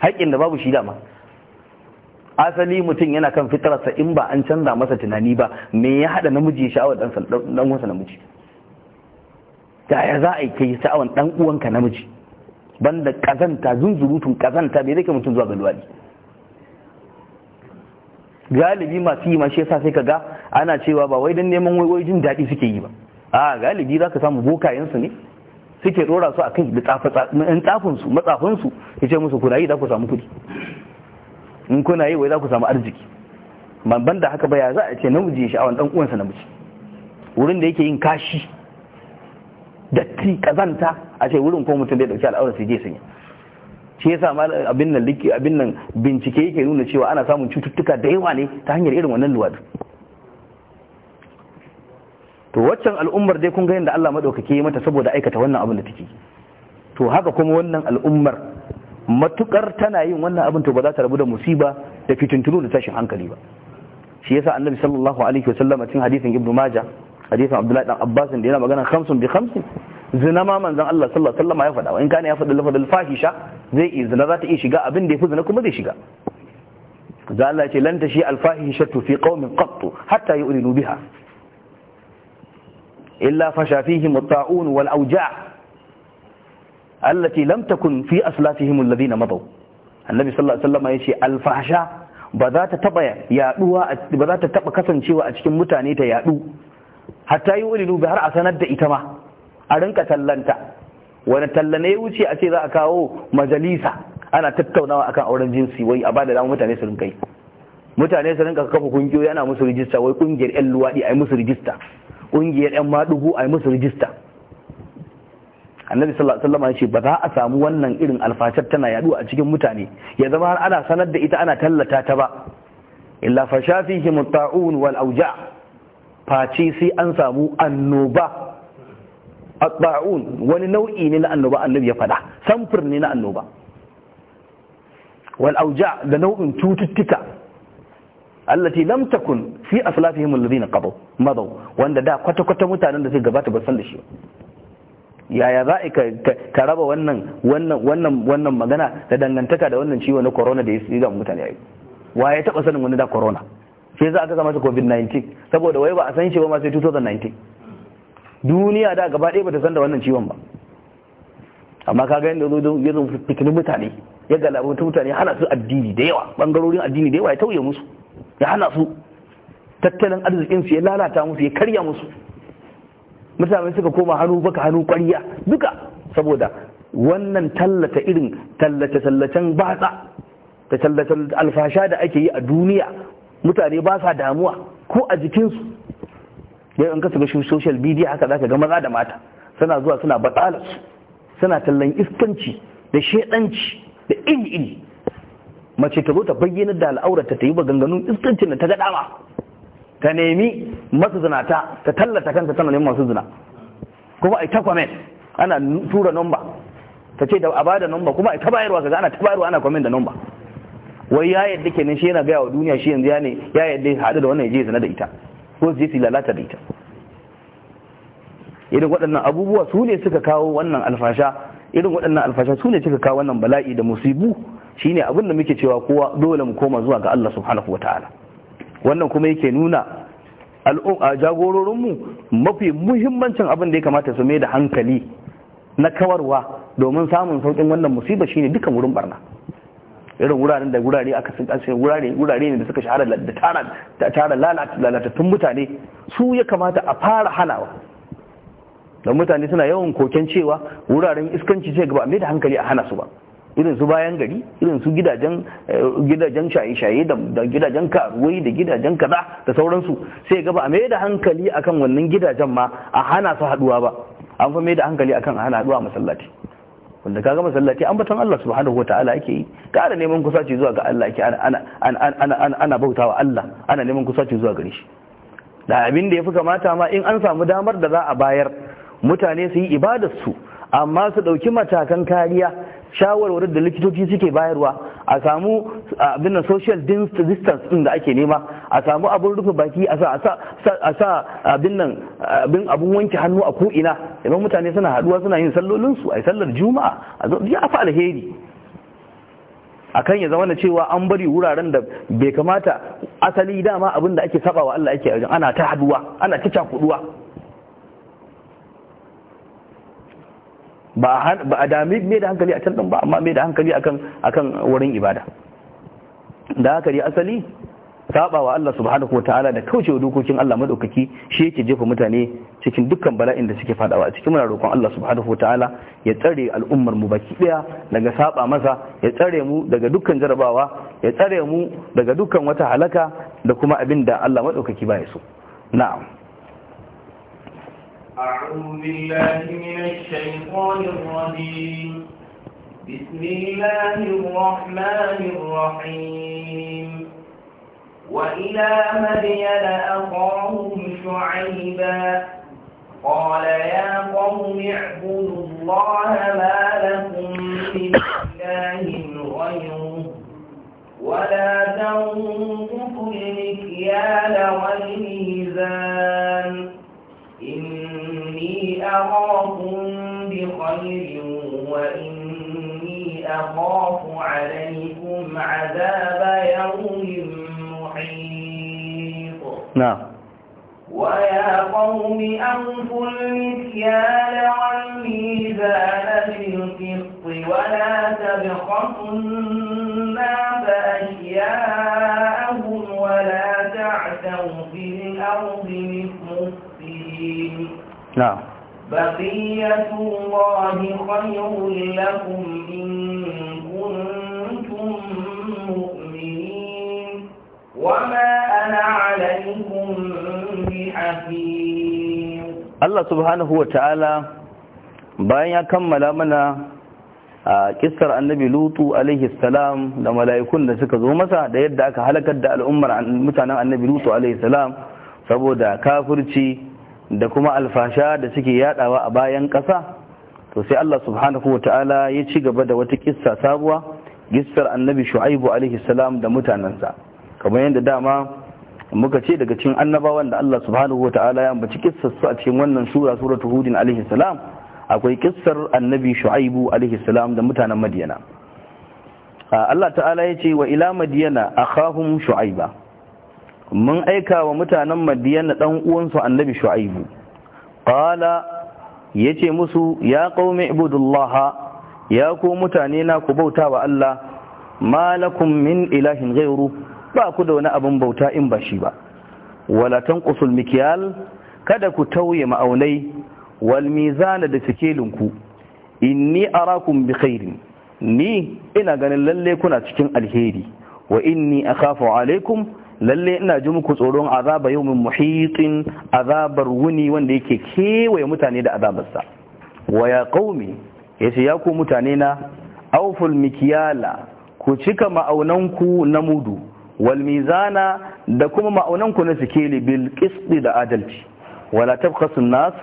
haƙƙin da babu shi dama asali mutum yana kan fitarsa in ba an canza masa tunani ba me ya hada namiji sha'awar dan wasa namiji yaya za a yi kai sa'awan dan uwanka namiji banda kazanta zunzurutun ƙazanta bai zai mutum zuwa ga luwaɗi galibi masu yi mashi yasa sai ka ga ana cewa ba wai don neman waiwai jin daɗi suke yi ba a galibi za ka samu bokayensu ne suke ɗora su a kan tsafin tsafinsu matsafinsu ya ce musu kuna yi za ku samu kuɗi in kuna yi wai za ku samu arziki ban da haka ba ya za a ce namiji ya sha'awan ɗan uwansa namiji wurin da yake yin kashi datti kazanta a ce wurin ko mutum da dauki al'aurar sai je sanya shi yasa ma abin nan liki abin nan bincike yake nuna cewa ana samun cututtuka da yawa ne ta hanyar irin wannan luwadu to waccan al'ummar dai kun ga yadda Allah madaukake ya mata saboda aikata wannan abin da take to haka kuma wannan al'ummar matukar tana yin wannan abin to ba za ta rabu da musiba da fitintunu da tashin hankali ba shi yasa annabi sallallahu alaihi wasallam cikin hadisin ibnu majah hadisin abdullahi dan abbas da yana magana khamsun bi khamsin zina ma manzon Allah sallallahu alaihi wasallam ya faɗa in kana ya faɗi lafadul fahisha zai yi zina za ta iya shiga abin da ya fi zina kuma zai shiga za Allah ce lan tashi alfahishatu fi qaumin qattu hatta yu'linu biha illa fasha fihim at-ta'un wal awja' allati lam takun fi aslafihim alladhina madaw annabi sallallahu alaihi wasallam yace alfahsha ba za ta taba yaduwa ba za ta taba kasancewa a cikin mutane ta yadu hatta yi wani dubi har a sanar da ita ma a rinka tallanta wani talla ne ya wuce a ce za a kawo majalisa ana tattaunawa akan auren jinsi wai a bada dama mutane su rinka mutane su rinka kafa kungiyoyi ana musu rijista wai kungiyar yan luwaɗi a yi musu rijista kungiyar yan madugu a yi musu rijista annabi sallallahu alaihi wasallam ce ba za a samu wannan irin alfashar tana yaduwa a cikin mutane ya zama har ana sanar da ita ana tallata ta ba illa fashafihi mutta'un wal auja' face sai an samu annoba atba'un wani nau'i ne na annoba annabi ya fada samfur ne na annoba wal auja da nau'in cututtuka allati lam takun fi aslafihim alladhina qabu madaw wanda da kwata kwata mutanen da suka gabata ba san da shi yaya za ka raba wannan wannan wannan wannan magana da dangantaka da wannan ciwo na corona da ya ga mutane yayi wa ya taba sanin wani da corona sai za a kasa masa covid-19 saboda wai ba a san shi ba ma 2019 duniya da gaba ɗaya ba ta san da wannan ciwon ba amma ka ga yadda zo ya zo fitinin mutane ya galabanta mutane hana su addini da yawa bangarorin addini da yawa ya tauye musu ya hana su tattalin arzikin su ya lalata musu ya karya musu mutane suka koma hannu baka hannu kwariya duka saboda wannan tallata irin tallace-tallacen batsa da tallacen alfasha da ake yi a duniya mutane ba sa damuwa ko a jikinsu yau in ka shiga social media haka za ka ga maza da mata suna zuwa suna batsalarsu suna tallan iskanci da shaidanci, da iri-iri mace ta zo ta bayyana da al'aurata ta yi ganganun iskancin da ta ga dama ta nemi masu zinata ta tallata kanta tana neman masu zina kuma ai ta kwamen ana tura nomba ta ce da a bada nomba kuma ai ta bayarwa kaga ana ta bayarwa ana kwamen da nomba wai ya yadda nan shi yana gaya wa duniya shi yanzu ya ne ya yadda ya haɗu da wannan ya je da ita ko su je su lalata da ita irin waɗannan abubuwa su ne suka kawo wannan alfasha irin waɗannan alfasha su ne suka kawo wannan bala'i da musibu ne abin da muke cewa kowa dole mu koma zuwa ga Allah subhanahu ta'ala. wannan kuma yake nuna al'umma jagororinmu mafi muhimmancin abin da ya kamata su mai da hankali na kawarwa domin samun sauƙin wannan musiba shine dukan wurin barna irin wuraren da wurare aka sun wurare wurare ne da suka shahara da tara tara lalatattun mutane su ya kamata a fara hanawa da mutane suna yawan koken cewa wuraren iskanci ce gaba mai da hankali a hana su ba irin su bayan gari irin su gidajen eh, shaye-shaye da gidajen karuwai da gidajen kaza da sauransu sai gaba a mai da hankali akan wannan gidajen ma a hana su haduwa ba an fa maida da hankali akan a hana haduwa masallaci wanda ka gama kaga masallaci ambaton Allah subhanahu wataala ake yi ƙara neman kusaci zuwa ga Allah ake ana bautawa Allah ana neman kusaci zuwa gare shi da abin da fi kamata ma in an samu damar da za a bayar mutane su yi ibadar su amma su dauki matakan kariya shawarwarin da likitoci suke bayarwa a samu abin social distance din da ake nema a samu abin rufe baki a sa abin abin abun wanke hannu a ko ina idan mutane suna haduwa suna yin sallolin su ai sallar juma'a a zo ya fa alheri akan ya zama na cewa an bari wuraren da bai kamata asali dama abin da ake saba wa Allah ake ana ta haduwa ana ta cakuduwa ba a dami mai da hankali a can ɗin ba amma mai da hankali kan wurin ibada da haka dai asali Saɓawa Allah subhanahu ta'ala da kauce wa dokokin Allah maɗaukaki shi yake jefa mutane cikin dukkan bala'in da suke faɗawa. a cikin muna roƙon Allah subhanahu ta'ala ya tsare al'ummar mu baki ɗaya daga saba masa ya tsare mu daga dukkan jarabawa ya tsare mu daga dukkan wata halaka da kuma abin da Allah maɗaukaki ba ya so na'am أعوذ بالله من الشيطان الرجيم بسم الله الرحمن الرحيم وإلى مدين أخاهم شعيبا قال يا قوم اعبدوا الله ما لكم من إله غيره ولا تنقصوا المكيال والميزان أراكم بخير وإني أخاف عليكم عذاب يوم محيط نعم ويا قوم أنفوا المكيال والميزان القط ولا تبخسوا الناس أشياءهم ولا تعثوا في الأرض مفسدين نعم بقية الله خير لكم إن كنتم مؤمنين وما أنا عليكم بحفيظ الله سبحانه وتعالى bayan ya kammala mana a kissar annabi lutu alaihi salam da mala'ikun da suka zo masa da yadda aka halakar da al'ummar mutanen annabi lutu alaihi salam saboda kafirci da kuma alfasha da suke yadawa a bayan ƙasa to sai Allah subhanahu wa ta'ala ya ci gaba da wata kissa sabuwa gissar annabi shu'aibu alaihi salam da mutanensa kamar yadda dama muka ce daga cikin annabawan da Allah subhanahu wa ta'ala ya ambaci kissar su a cikin wannan sura suratul hudin alaihi salam akwai kissar annabi shu'aibu alaihi salam da mutanen madiyana Allah ta'ala ya ce wa ila madiyana akhahum shu'aiba mun aika wa mutanen madiyan dan uwansu annabi shu'aibu qala yace musu ya qaumi Ibudullaha ya ku mutane na ku bauta wa Allah malakum min ilahin ghairu ba ku da wani abin bauta in ba shi ba wala tanqusul mikyal kada ku tauye ma'aunai wal mizana da ku inni arakum bi khairin ni ina ganin lalle kuna cikin alheri wa inni akhafu alaikum lalle ina ji muku tsoron azaba yau min muhitin azabar wuni wanda yake kewaye mutane da azabarsa wa ya ya ce ya ku mutane na auful mikiyala ku cika ma'aunanku na mudu wal mizana da kuma ma'aunanku na sikeli bil qisti da adalci wala tabkhasun nas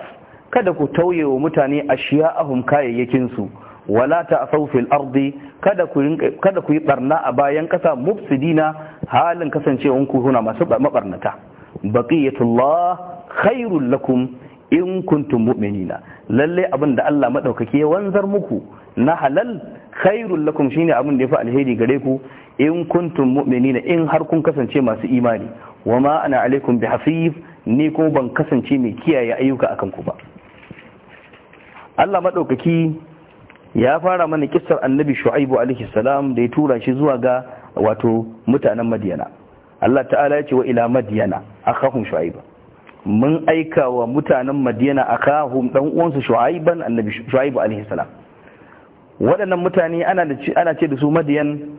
kada ku tauye wa mutane ashiya'ahum kayayyakin su wala ta fil ardi kada ku kada yi barna a bayan kasa mufsidina halin kasancewan ku kuna masu mabarnata baqiyatullah khairul lakum in kuntum mu'minina lalle abin da Allah madaukake ya wanzar muku na halal khairul lakum shine abin da yafi alheri gare ku in kuntum mu'minina in har kun kasance masu imani wama ana alaikum bi hafif ni kuma ban kasance mai kiyaye ayyuka akan ku ba Allah madaukaki ya fara mana kissar annabi shu'aibu alaihi salam da ya tura shi zuwa ga wato mutanen madiyana Allah ta'ala ya ce wa ila madiyana akahum shu'aiba mun aika wa mutanen madiyana akahum dan uwansu shu'aiban annabi shu'aibu alaihi salam waɗannan mutane ana ana ce da su madiyan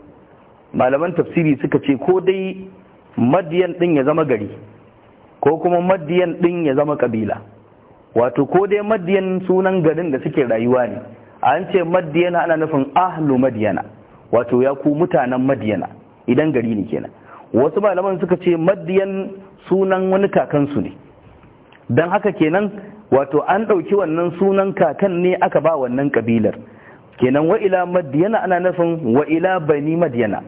malaman tafsiri suka ce ko dai madiyan din ya zama gari ko kuma madiyan din ya zama kabila wato ko dai madiyan sunan garin da suke rayuwa ne an ce madiyana ana nufin ahlu madiyana wato ya ku mutanen madiyana idan gari ne kenan wasu malaman suka ce madiyan sunan wani kakansu ne don haka kenan wato an ɗauki wannan sunan kakan ne aka ba wannan kabilar kenan wa ila madiyana ana nufin wa bani madiyana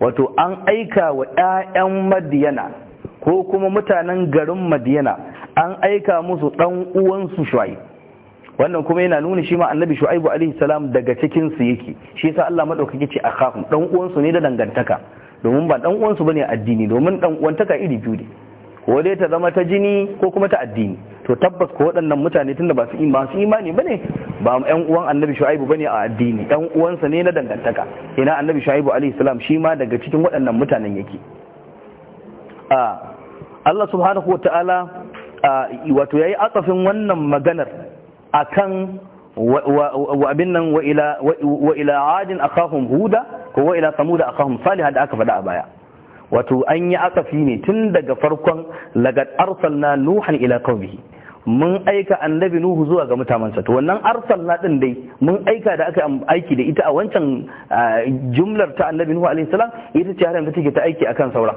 wato an aika wa 'ya'yan madiyana ko kuma mutanen garin madiyana an aika musu ɗan uwansu shuaib wannan kuma yana nuna shi ma annabi shu'aibu alaihi salam daga cikin su yake shi yasa Allah madaukaki ce akhahum dan uwan su ne da dangantaka domin ba dan uwan su bane addini domin dan uwantaka iri biyu ne ko dai ta zama ta jini ko kuma ta addini to tabbas ko waɗannan mutane tunda ba su ba su imani bane ba ɗan uwan annabi shu'aibu bane a addini ƴan uwansa ne na dangantaka ina annabi shu'aibu alaihi salam shi ma daga cikin waɗannan mutanen yake a ah, Allah subhanahu wa ta'ala ah, wato yayi atsafin wannan maganar akan wa abin nan wa ila adin kafin huda ko wa ila samuda kafin salih da aka faɗa a baya wato an yi fi ne tun daga farkon arsal na nuhan ila qaumihi mun aika annabi nuhu zuwa ga mutamansa. to wannan na din dai mun aika da aka aiki da ita a wancan jumlar ta annabi nuhu alaihi salam ita ce har yanzu take ta aiki akan saura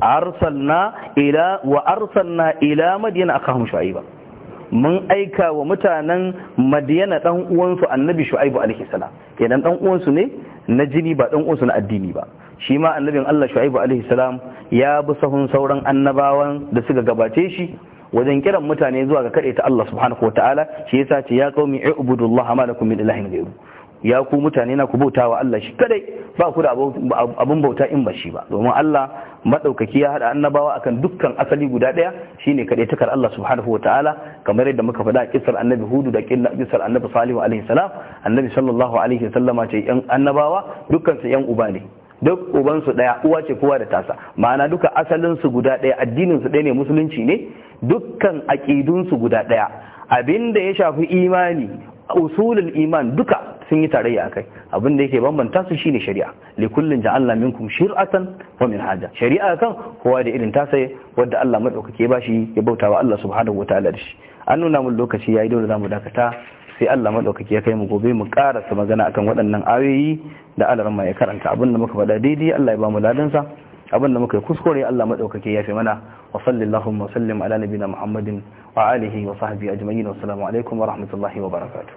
arsalna ila wa arsalna ila madyan akahum shu'aiba mun aika wa mutanen madiyana dan uwansu annabi shu'aibu alaihi salam kenan dan uwansu ne na jini ba dan uwansu na addini ba shi ma annabin Allah shu'aibu alaihi salam ya bi sahun sauran annabawan da suka gabace shi wajen kiran mutane zuwa ga kare ta Allah subhanahu wataala shi yasa ce ya qaumi i'budullaha ma lakum min ilahin ghayru ya ku mutane na ku bautawa Allah shi kadai ba ku da abun bauta in ba shi ba domin Allah madaukaki ya hada annabawa akan dukkan asali guda daya shine kade takar Allah subhanahu wataala kamar yadda muka faɗa kisar annabi hudu da kisar annabi salihu alaihi salam annabi sallallahu alaihi wasallama ce yan annabawa dukkan su yan uba ne duk ubansu ɗaya uwa ce kowa da tasa ma'ana duka asalinsu guda ɗaya addininsu ɗaya ne musulunci ne dukkan aƙidunsu guda ɗaya Abinda ya shafi imani usulul iman duka sun yi tarayya akai abin da yake bambanta su shine shari'a li kullin ja'alna minkum shir'atan wa minhaja shari'a kan kowa da irin tasa wanda Allah madaukake ba shi ya bautawa Allah subhanahu wataala da shi an nuna mun lokaci yayi dole zamu dakata sai Allah madaukake ya kai mu gobe mu karasa magana akan waɗannan ayoyi da alarma ya karanta abinda muka faɗa daidai Allah ya ba mu ladan sa muka yi kuskure Allah madaukake ya fi mana wa sallallahu wa sallim ala nabina muhammadin wa alihi wa sahbihi ajma'in wa assalamu alaikum wa rahmatullahi wa barakatuh